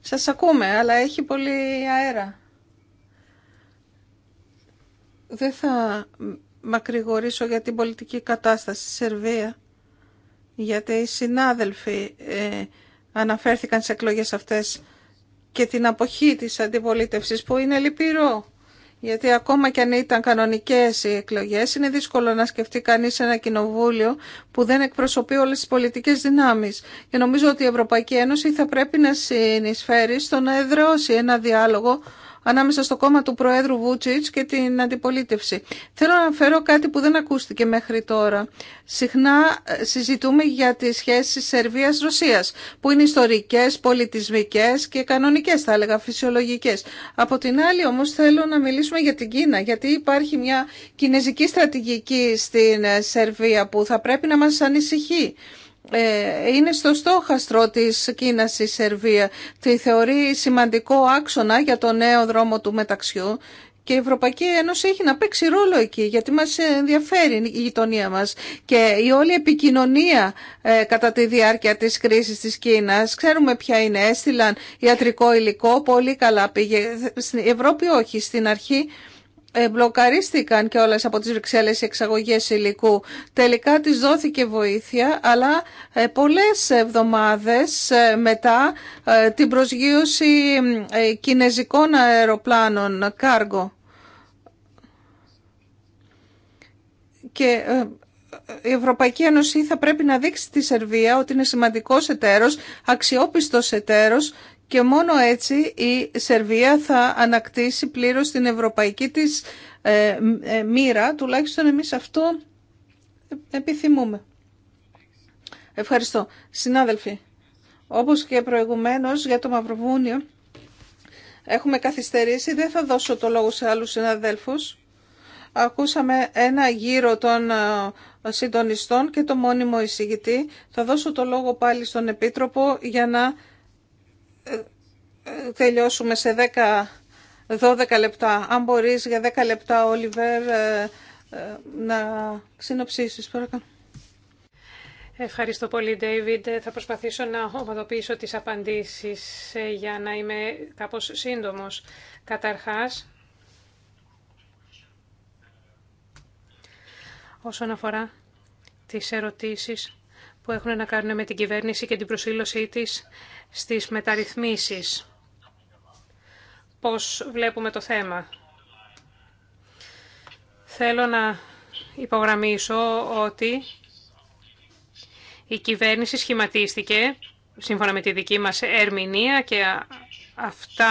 Σας ακούμε, αλλά έχει πολύ αέρα. Δεν θα μακρηγορήσω για την πολιτική κατάσταση στη Σερβία, γιατί οι συνάδελφοι ε, αναφέρθηκαν σε εκλογές αυτές και την αποχή της αντιπολίτευσης, που είναι λυπηρό γιατί ακόμα και αν ήταν κανονικές οι εκλογές, είναι δύσκολο να σκεφτεί κανείς ένα κοινοβούλιο που δεν εκπροσωπεί όλες τις πολιτικές δυνάμεις. Και νομίζω ότι η Ευρωπαϊκή Ένωση θα πρέπει να συνεισφέρει στο να εδραιώσει ένα διάλογο ανάμεσα στο κόμμα του Προέδρου Βούτσιτς και την αντιπολίτευση. Θέλω να αναφέρω κάτι που δεν ακούστηκε μέχρι τώρα. Συχνά ε, συζητούμε για τις σχέσεις Σερβίας-Ρωσίας, που είναι ιστορικές, πολιτισμικές και κανονικές, θα έλεγα, φυσιολογικές. Από την άλλη όμως θέλω να μιλήσουμε για την Κίνα, γιατί υπάρχει μια κινέζικη στρατηγική στην ε, Σερβία που θα πρέπει να μας ανησυχεί. Ε, είναι στο στόχαστρο της Κίνας η Σερβία. Τη θεωρεί σημαντικό άξονα για το νέο δρόμο του μεταξιού και η Ευρωπαϊκή Ένωση έχει να παίξει ρόλο εκεί γιατί μας ενδιαφέρει η γειτονία μας και η όλη επικοινωνία ε, κατά τη διάρκεια της κρίσης της Κίνας. Ξέρουμε ποια είναι, έστειλαν ιατρικό υλικό, πολύ καλά πήγε. Στην Ευρώπη όχι, στην αρχή ε, μπλοκαρίστηκαν και όλες από τις Βρυξέλλες οι εξαγωγές υλικού. Τελικά της δόθηκε βοήθεια, αλλά ε, πολλές εβδομάδες ε, μετά την προσγείωση κινέζικων αεροπλάνων κάργο. Και η Ευρωπαϊκή Ένωση θα πρέπει να δείξει τη Σερβία ότι είναι σημαντικός εταίρος, αξιόπιστος εταίρος και μόνο έτσι η Σερβία θα ανακτήσει πλήρως την ευρωπαϊκή της ε, ε, μοίρα, τουλάχιστον εμείς αυτό επιθυμούμε. Ευχαριστώ. Συνάδελφοι, όπως και προηγουμένως για το Μαυροβούνιο, έχουμε καθυστερήσει, δεν θα δώσω το λόγο σε άλλους συναδέλφους. Ακούσαμε ένα γύρο των ε, συντονιστών και το μόνιμο εισηγητή. Θα δώσω το λόγο πάλι στον Επίτροπο για να τελειώσουμε σε 10-12 λεπτά. Αν μπορείς για 10 λεπτά, Όλιβερ, ε, ε, να συνοψίσεις, παρακαλώ. Ευχαριστώ πολύ, Ντέιβιντ. Θα προσπαθήσω να ομαδοποιήσω τις απαντήσεις ε, για να είμαι κάπως σύντομος. Καταρχάς, όσον αφορά τις ερωτήσεις που έχουν να κάνουν με την κυβέρνηση και την προσήλωσή της στις μεταρρυθμίσεις. Πώς βλέπουμε το θέμα. Θέλω να υπογραμμίσω ότι η κυβέρνηση σχηματίστηκε σύμφωνα με τη δική μας ερμηνεία και Αυτά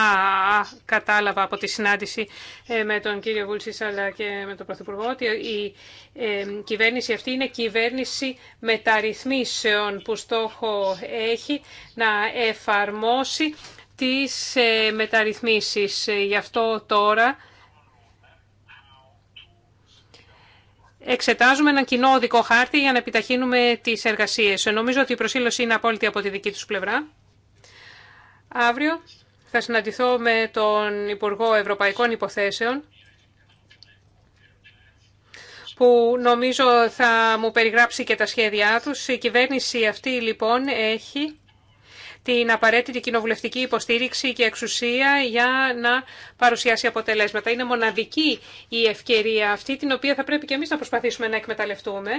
κατάλαβα από τη συνάντηση ε, με τον κύριο Βούλση αλλά και με τον Πρωθυπουργό ότι η ε, κυβέρνηση αυτή είναι κυβέρνηση μεταρρυθμίσεων που στόχο έχει να εφαρμόσει τις ε, μεταρρυθμίσεις. Γι' αυτό τώρα εξετάζουμε έναν κοινό οδικό χάρτη για να επιταχύνουμε τις εργασίες. Νομίζω ότι η προσήλωση είναι απόλυτη από τη δική τους πλευρά. Αύριο θα συναντηθώ με τον Υπουργό Ευρωπαϊκών Υποθέσεων που νομίζω θα μου περιγράψει και τα σχέδιά τους. Η κυβέρνηση αυτή λοιπόν έχει την απαραίτητη κοινοβουλευτική υποστήριξη και εξουσία για να παρουσιάσει αποτελέσματα. Είναι μοναδική η ευκαιρία αυτή, την οποία θα πρέπει και εμείς να προσπαθήσουμε να εκμεταλλευτούμε,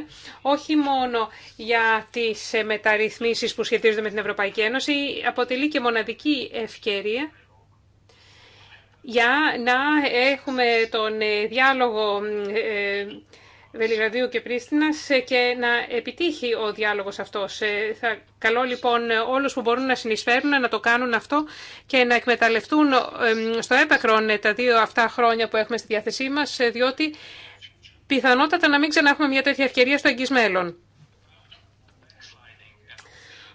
όχι μόνο για τις μεταρρυθμίσεις που σχετίζονται με την Ευρωπαϊκή Ένωση, αποτελεί και μοναδική ευκαιρία για να έχουμε τον διάλογο ε, Βελιγραδίου και Πρίστινας ε, και να επιτύχει ο διάλογος αυτός. Ε, θα καλώ λοιπόν όλους που μπορούν να συνεισφέρουν να το κάνουν αυτό και να εκμεταλλευτούν στο έπακρον ε, τα δύο αυτά χρόνια που έχουμε στη διάθεσή μας, διότι πιθανότατα να μην ξαναέχουμε μια τέτοια ευκαιρία στο εγγύς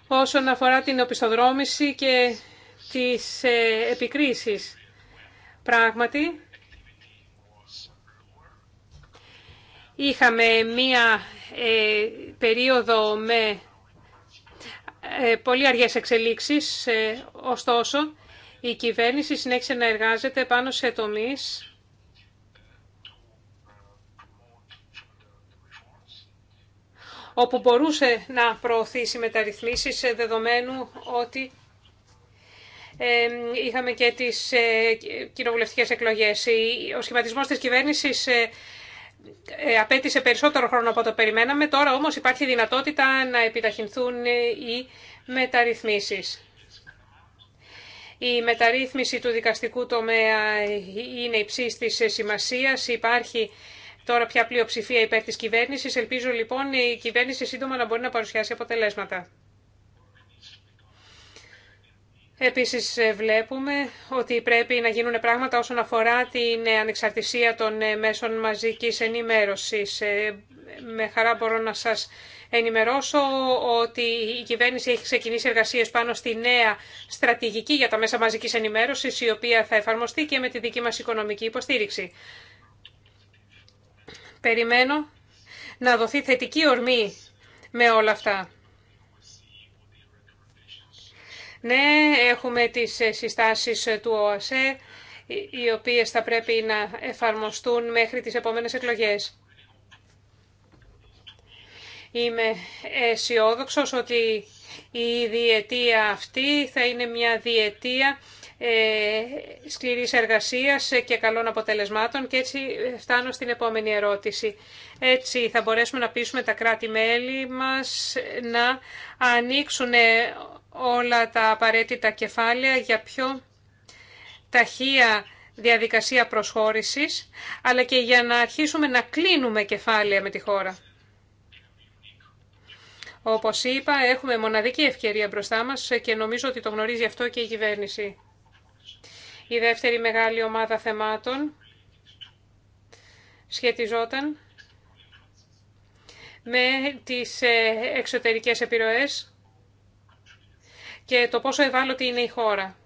Όσον αφορά την οπισθοδρόμηση και τις επικρίσεις, πράγματι Είχαμε μία ε, περίοδο με ε, πολύ αργές εξελίξεις, ε, ωστόσο η κυβέρνηση συνέχισε να εργάζεται πάνω σε τομείς όπου μπορούσε να προωθήσει μεταρρυθμίσεις δεδομένου ότι είχαμε και τις κοινοβουλευτικές εκλογές. Ο σχηματισμός της κυβέρνησης ε, απέτησε περισσότερο χρόνο από το περιμέναμε. Τώρα όμως υπάρχει δυνατότητα να επιταχυνθούν οι μεταρρυθμίσεις. Η μεταρρύθμιση του δικαστικού τομέα είναι υψίστης σημασίας. Υπάρχει τώρα πια πλειοψηφία υπέρ της κυβέρνησης. Ελπίζω λοιπόν η κυβέρνηση σύντομα να μπορεί να παρουσιάσει αποτελέσματα. Επίσης ε, βλέπουμε ότι πρέπει να γίνουν πράγματα όσον αφορά την ε, ανεξαρτησία των ε, μέσων μαζικής ενημέρωσης. Με χαρά μπορώ να σας ενημερώσω ότι η κυβέρνηση έχει ξεκινήσει εργασίες πάνω στη νέα στρατηγική για τα μέσα μαζικής ενημέρωσης, η οποία θα εφαρμοστεί και με τη δική μας οικονομική υποστήριξη. Περιμένω να δοθεί θετική ορμή με όλα αυτά. Ναι, έχουμε τις ε, συστάσεις ε, του ΟΑΣΕ, οι οποίες θα πρέπει να εφαρμοστούν μέχρι τις επόμενες εκλογές. Είμαι αισιόδοξο ότι η διετία αυτή θα είναι μια διετία ε, σκληρής εργασίας και καλών αποτελεσμάτων και έτσι φτάνω στην επόμενη ερώτηση. Έτσι θα μπορέσουμε να πείσουμε τα κράτη-μέλη μας να ανοίξουν όλα τα απαραίτητα κεφάλαια για πιο ταχεία διαδικασία προσχώρησης, αλλά και για να αρχίσουμε να κλείνουμε κεφάλαια με τη χώρα. Όπως είπα, έχουμε μοναδική ευκαιρία μπροστά μας και νομίζω ότι το γνωρίζει αυτό και η κυβέρνηση. Η δεύτερη μεγάλη ομάδα θεμάτων σχετιζόταν με τις ε, εξωτερικές επιρροές και το πόσο ευάλωτη είναι η χώρα.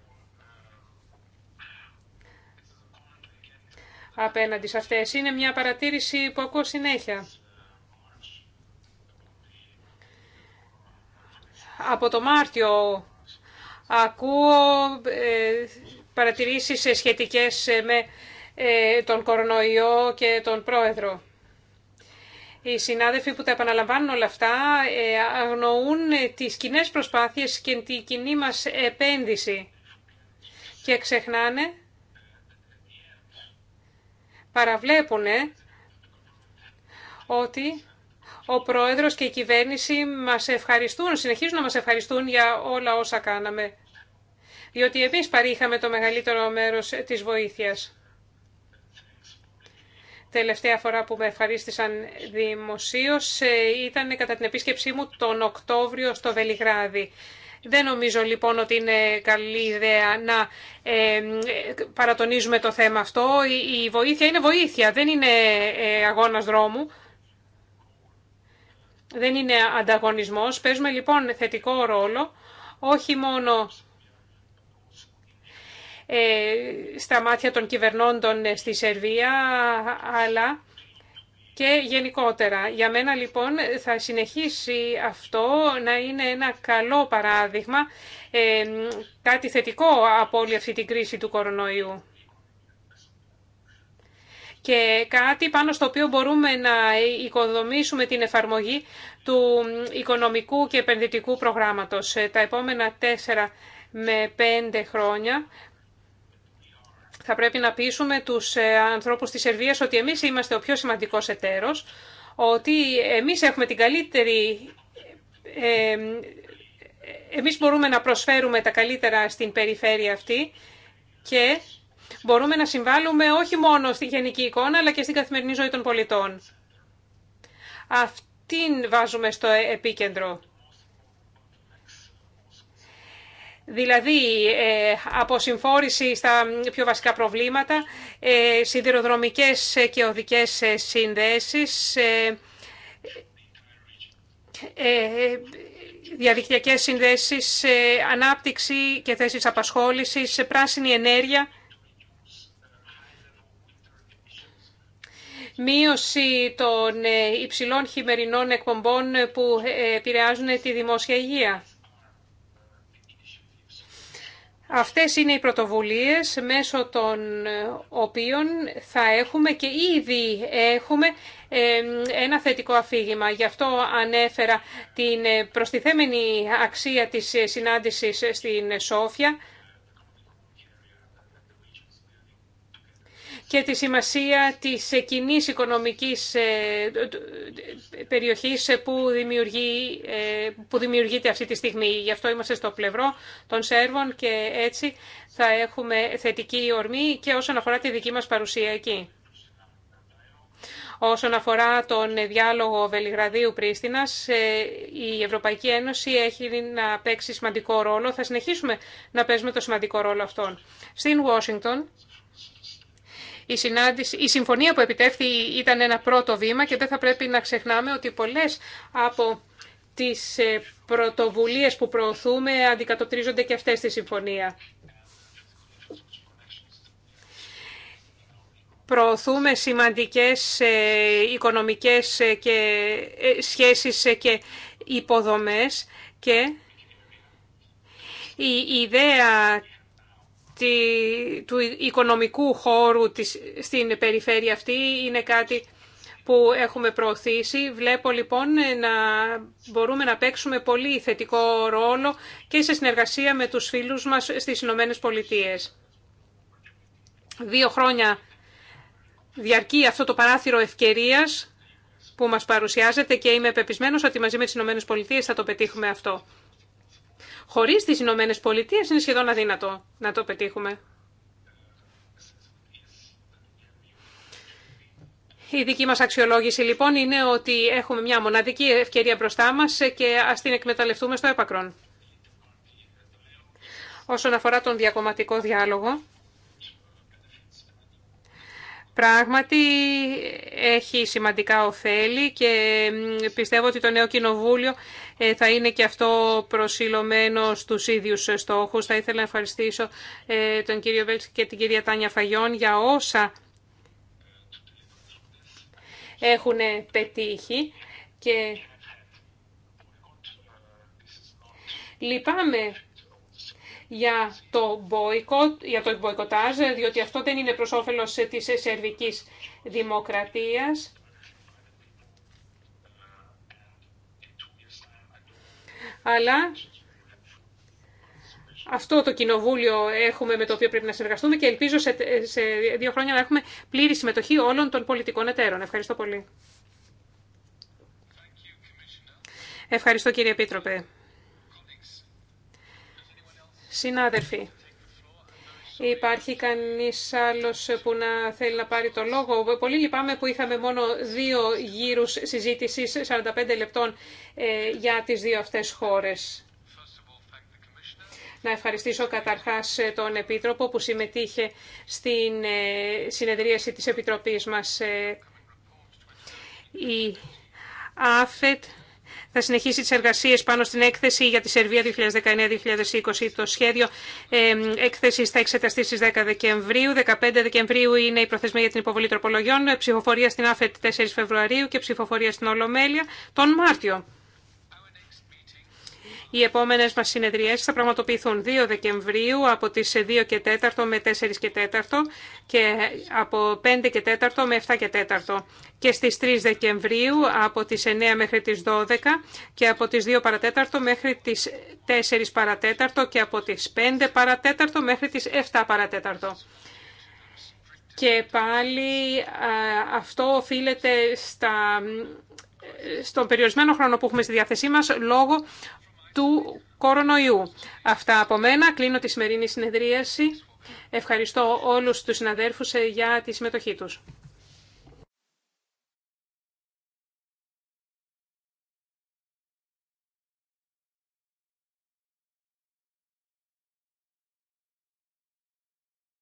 Απέναντι σε αυτές είναι μια παρατήρηση που ακούω συνέχεια. Από το Μάρτιο ακούω ε, παρατηρήσεις ε, σχετικές ε, με ε, τον κορονοϊό και τον πρόεδρο οι συνάδελφοι που τα επαναλαμβάνουν όλα αυτά ε, αγνοούν τις κοινέ προσπάθειες και την κοινή μας επένδυση και ξεχνάνε, παραβλέπουν ότι ο Πρόεδρος και η κυβέρνηση μας ευχαριστούν, συνεχίζουν να μας ευχαριστούν για όλα όσα κάναμε. Διότι εμείς παρήχαμε το μεγαλύτερο μέρος της βοήθειας τελευταία φορά που με ευχαρίστησαν δημοσίως ε, ήταν κατά την επίσκεψή μου τον Οκτώβριο στο Βελιγράδι. Δεν νομίζω λοιπόν ότι είναι καλή ιδέα να ε, παρατονίζουμε το θέμα αυτό. Η, βοήθεια είναι βοήθεια, δεν είναι ε, αγώνας δρόμου. Δεν είναι ανταγωνισμός. Παίζουμε λοιπόν θετικό ρόλο, όχι μόνο ε, στα μάτια των κυβερνώντων ε, στη Σερβία, αλλά και γενικότερα. Για μένα λοιπόν θα συνεχίσει αυτό να είναι ένα καλό παράδειγμα, ε, κάτι θετικό από όλη αυτή την κρίση του κορονοϊού. Και κάτι πάνω στο οποίο μπορούμε να οικοδομήσουμε την εφαρμογή του οικονομικού και επενδυτικού προγράμματος. Τα επόμενα τέσσερα με πέντε χρόνια θα πρέπει να πείσουμε τους ε, ανθρώπους της Σερβίας ότι εμείς είμαστε ο πιο σημαντικός εταίρος, ότι εμείς έχουμε την καλύτερη... Ε, εμείς μπορούμε να προσφέρουμε τα καλύτερα στην περιφέρεια αυτή και μπορούμε να συμβάλλουμε όχι μόνο στη γενική εικόνα, αλλά και στην καθημερινή ζωή των πολιτών. Αυτήν βάζουμε στο επίκεντρο. δηλαδή ε, αποσυμφόρηση στα πιο βασικά προβλήματα, ε, σιδηροδρομικές και οδικές ε, συνδέσεις, διαδικτυακές συνδέσεις, ανάπτυξη και θέσεις απασχόλησης, πράσινη ενέργεια, μείωση των υψηλών χειμερινών εκπομπών που επηρεάζουν τη δημόσια υγεία. Αυτές είναι οι πρωτοβουλίες μέσω των ε, οποίων θα έχουμε και ήδη έχουμε ε, ένα θετικό αφήγημα. Γι' αυτό ανέφερα την ε, προστιθέμενη αξία της συνάντησης στην Σόφια και τη σημασία της ε, κοινή οικονομικής ε, ε, περιοχής που, δημιουργεί, που δημιουργείται αυτή τη στιγμή. Γι' αυτό είμαστε στο πλευρό των Σέρβων και έτσι θα έχουμε θετική ορμή και όσον αφορά τη δική μας παρουσία εκεί. Όσον αφορά τον διάλογο Βελιγραδίου-Πρίστινας, η Ευρωπαϊκή Ένωση έχει να παίξει σημαντικό ρόλο. Θα συνεχίσουμε να παίζουμε το σημαντικό ρόλο αυτόν. Στην Ουάσιγκτον, η, συνάντηση, η συμφωνία που επιτεύχθη ήταν ένα πρώτο βήμα και δεν θα πρέπει να ξεχνάμε ότι πολλές από τις ε, πρωτοβουλίες που προωθούμε αντικατοπτρίζονται και αυτές στη συμφωνία. Προωθούμε σημαντικές ε, οικονομικές ε, και σχέσεις και υποδομές και η ιδέα του οικονομικού χώρου στην περιφέρεια αυτή είναι κάτι που έχουμε προωθήσει. Βλέπω λοιπόν να μπορούμε να παίξουμε πολύ θετικό ρόλο και σε συνεργασία με τους φίλους μας στις Ηνωμένε Πολιτείε. Δύο χρόνια διαρκεί αυτό το παράθυρο ευκαιρίας που μας παρουσιάζεται και είμαι πεπισμένος ότι μαζί με τις Ηνωμένε Πολιτείε θα το πετύχουμε αυτό. Χωρίς τις Ηνωμένε Πολιτείε είναι σχεδόν αδύνατο να το πετύχουμε. Η δική μας αξιολόγηση λοιπόν είναι ότι έχουμε μια μοναδική ευκαιρία μπροστά μας και ας την εκμεταλλευτούμε στο έπακρον. Όσον αφορά τον διακομματικό διάλογο, πράγματι έχει σημαντικά ωφέλη και πιστεύω ότι το νέο κοινοβούλιο ε, θα είναι και αυτό προσιλωμένο στους ίδιους στόχους. Θα ήθελα να ευχαριστήσω ε, τον κύριο Βέλτ και την κυρία Τάνια Φαγιόν για όσα έχουν πετύχει και λυπάμαι για το, μποϊκοτ, για το μποϊκοτάζ, διότι αυτό δεν είναι προς όφελος της σερβικής δημοκρατίας. αλλά αυτό το κοινοβούλιο έχουμε με το οποίο πρέπει να συνεργαστούμε και ελπίζω σε, δύο χρόνια να έχουμε πλήρη συμμετοχή όλων των πολιτικών εταίρων. Ευχαριστώ πολύ. Ευχαριστώ κύριε πίτροπε. Συνάδελφοι. Υπάρχει κανείς άλλος που να θέλει να πάρει το λόγο. Πολύ λυπάμαι που είχαμε μόνο δύο γύρους συζήτησης 45 λεπτών ε, για τις δύο αυτές χώρες. Να ευχαριστήσω καταρχάς ε, τον Επίτροπο που συμμετείχε στην ε, συνεδρίαση της Επιτροπής μας. Η ΑΦΕΤ θα συνεχίσει τις εργασίες πάνω στην έκθεση για τη Σερβία 2019-2020. Το σχέδιο έκθεσης θα εξεταστεί στις 10 Δεκεμβρίου. 15 Δεκεμβρίου είναι η προθεσμία για την υποβολή τροπολογιών. Ψηφοφορία στην ΑΦΕΤ 4 Φεβρουαρίου και ψηφοφορία στην Ολομέλεια τον Μάρτιο. Οι επόμενες μας συνεδριές θα πραγματοποιηθούν 2 Δεκεμβρίου από τις 2 και 4 με 4 και 4 και από 5 και 4 με 7 και 4 και στις 3 Δεκεμβρίου από τις 9 μέχρι τις 12 και από τις 2 παρατέταρτο μέχρι τις 4 παρατέταρτο και από τις 5 παρατέταρτο μέχρι τις 7 παρατέταρτο. Και πάλι αυτό οφείλεται στα, στον περιορισμένο χρόνο που έχουμε στη διάθεσή μας λόγω του κορονοϊού. Αυτά από μένα. Κλείνω τη σημερινή συνεδρίαση. Ευχαριστώ όλους τους συναδέρφους ε, για τη συμμετοχή τους.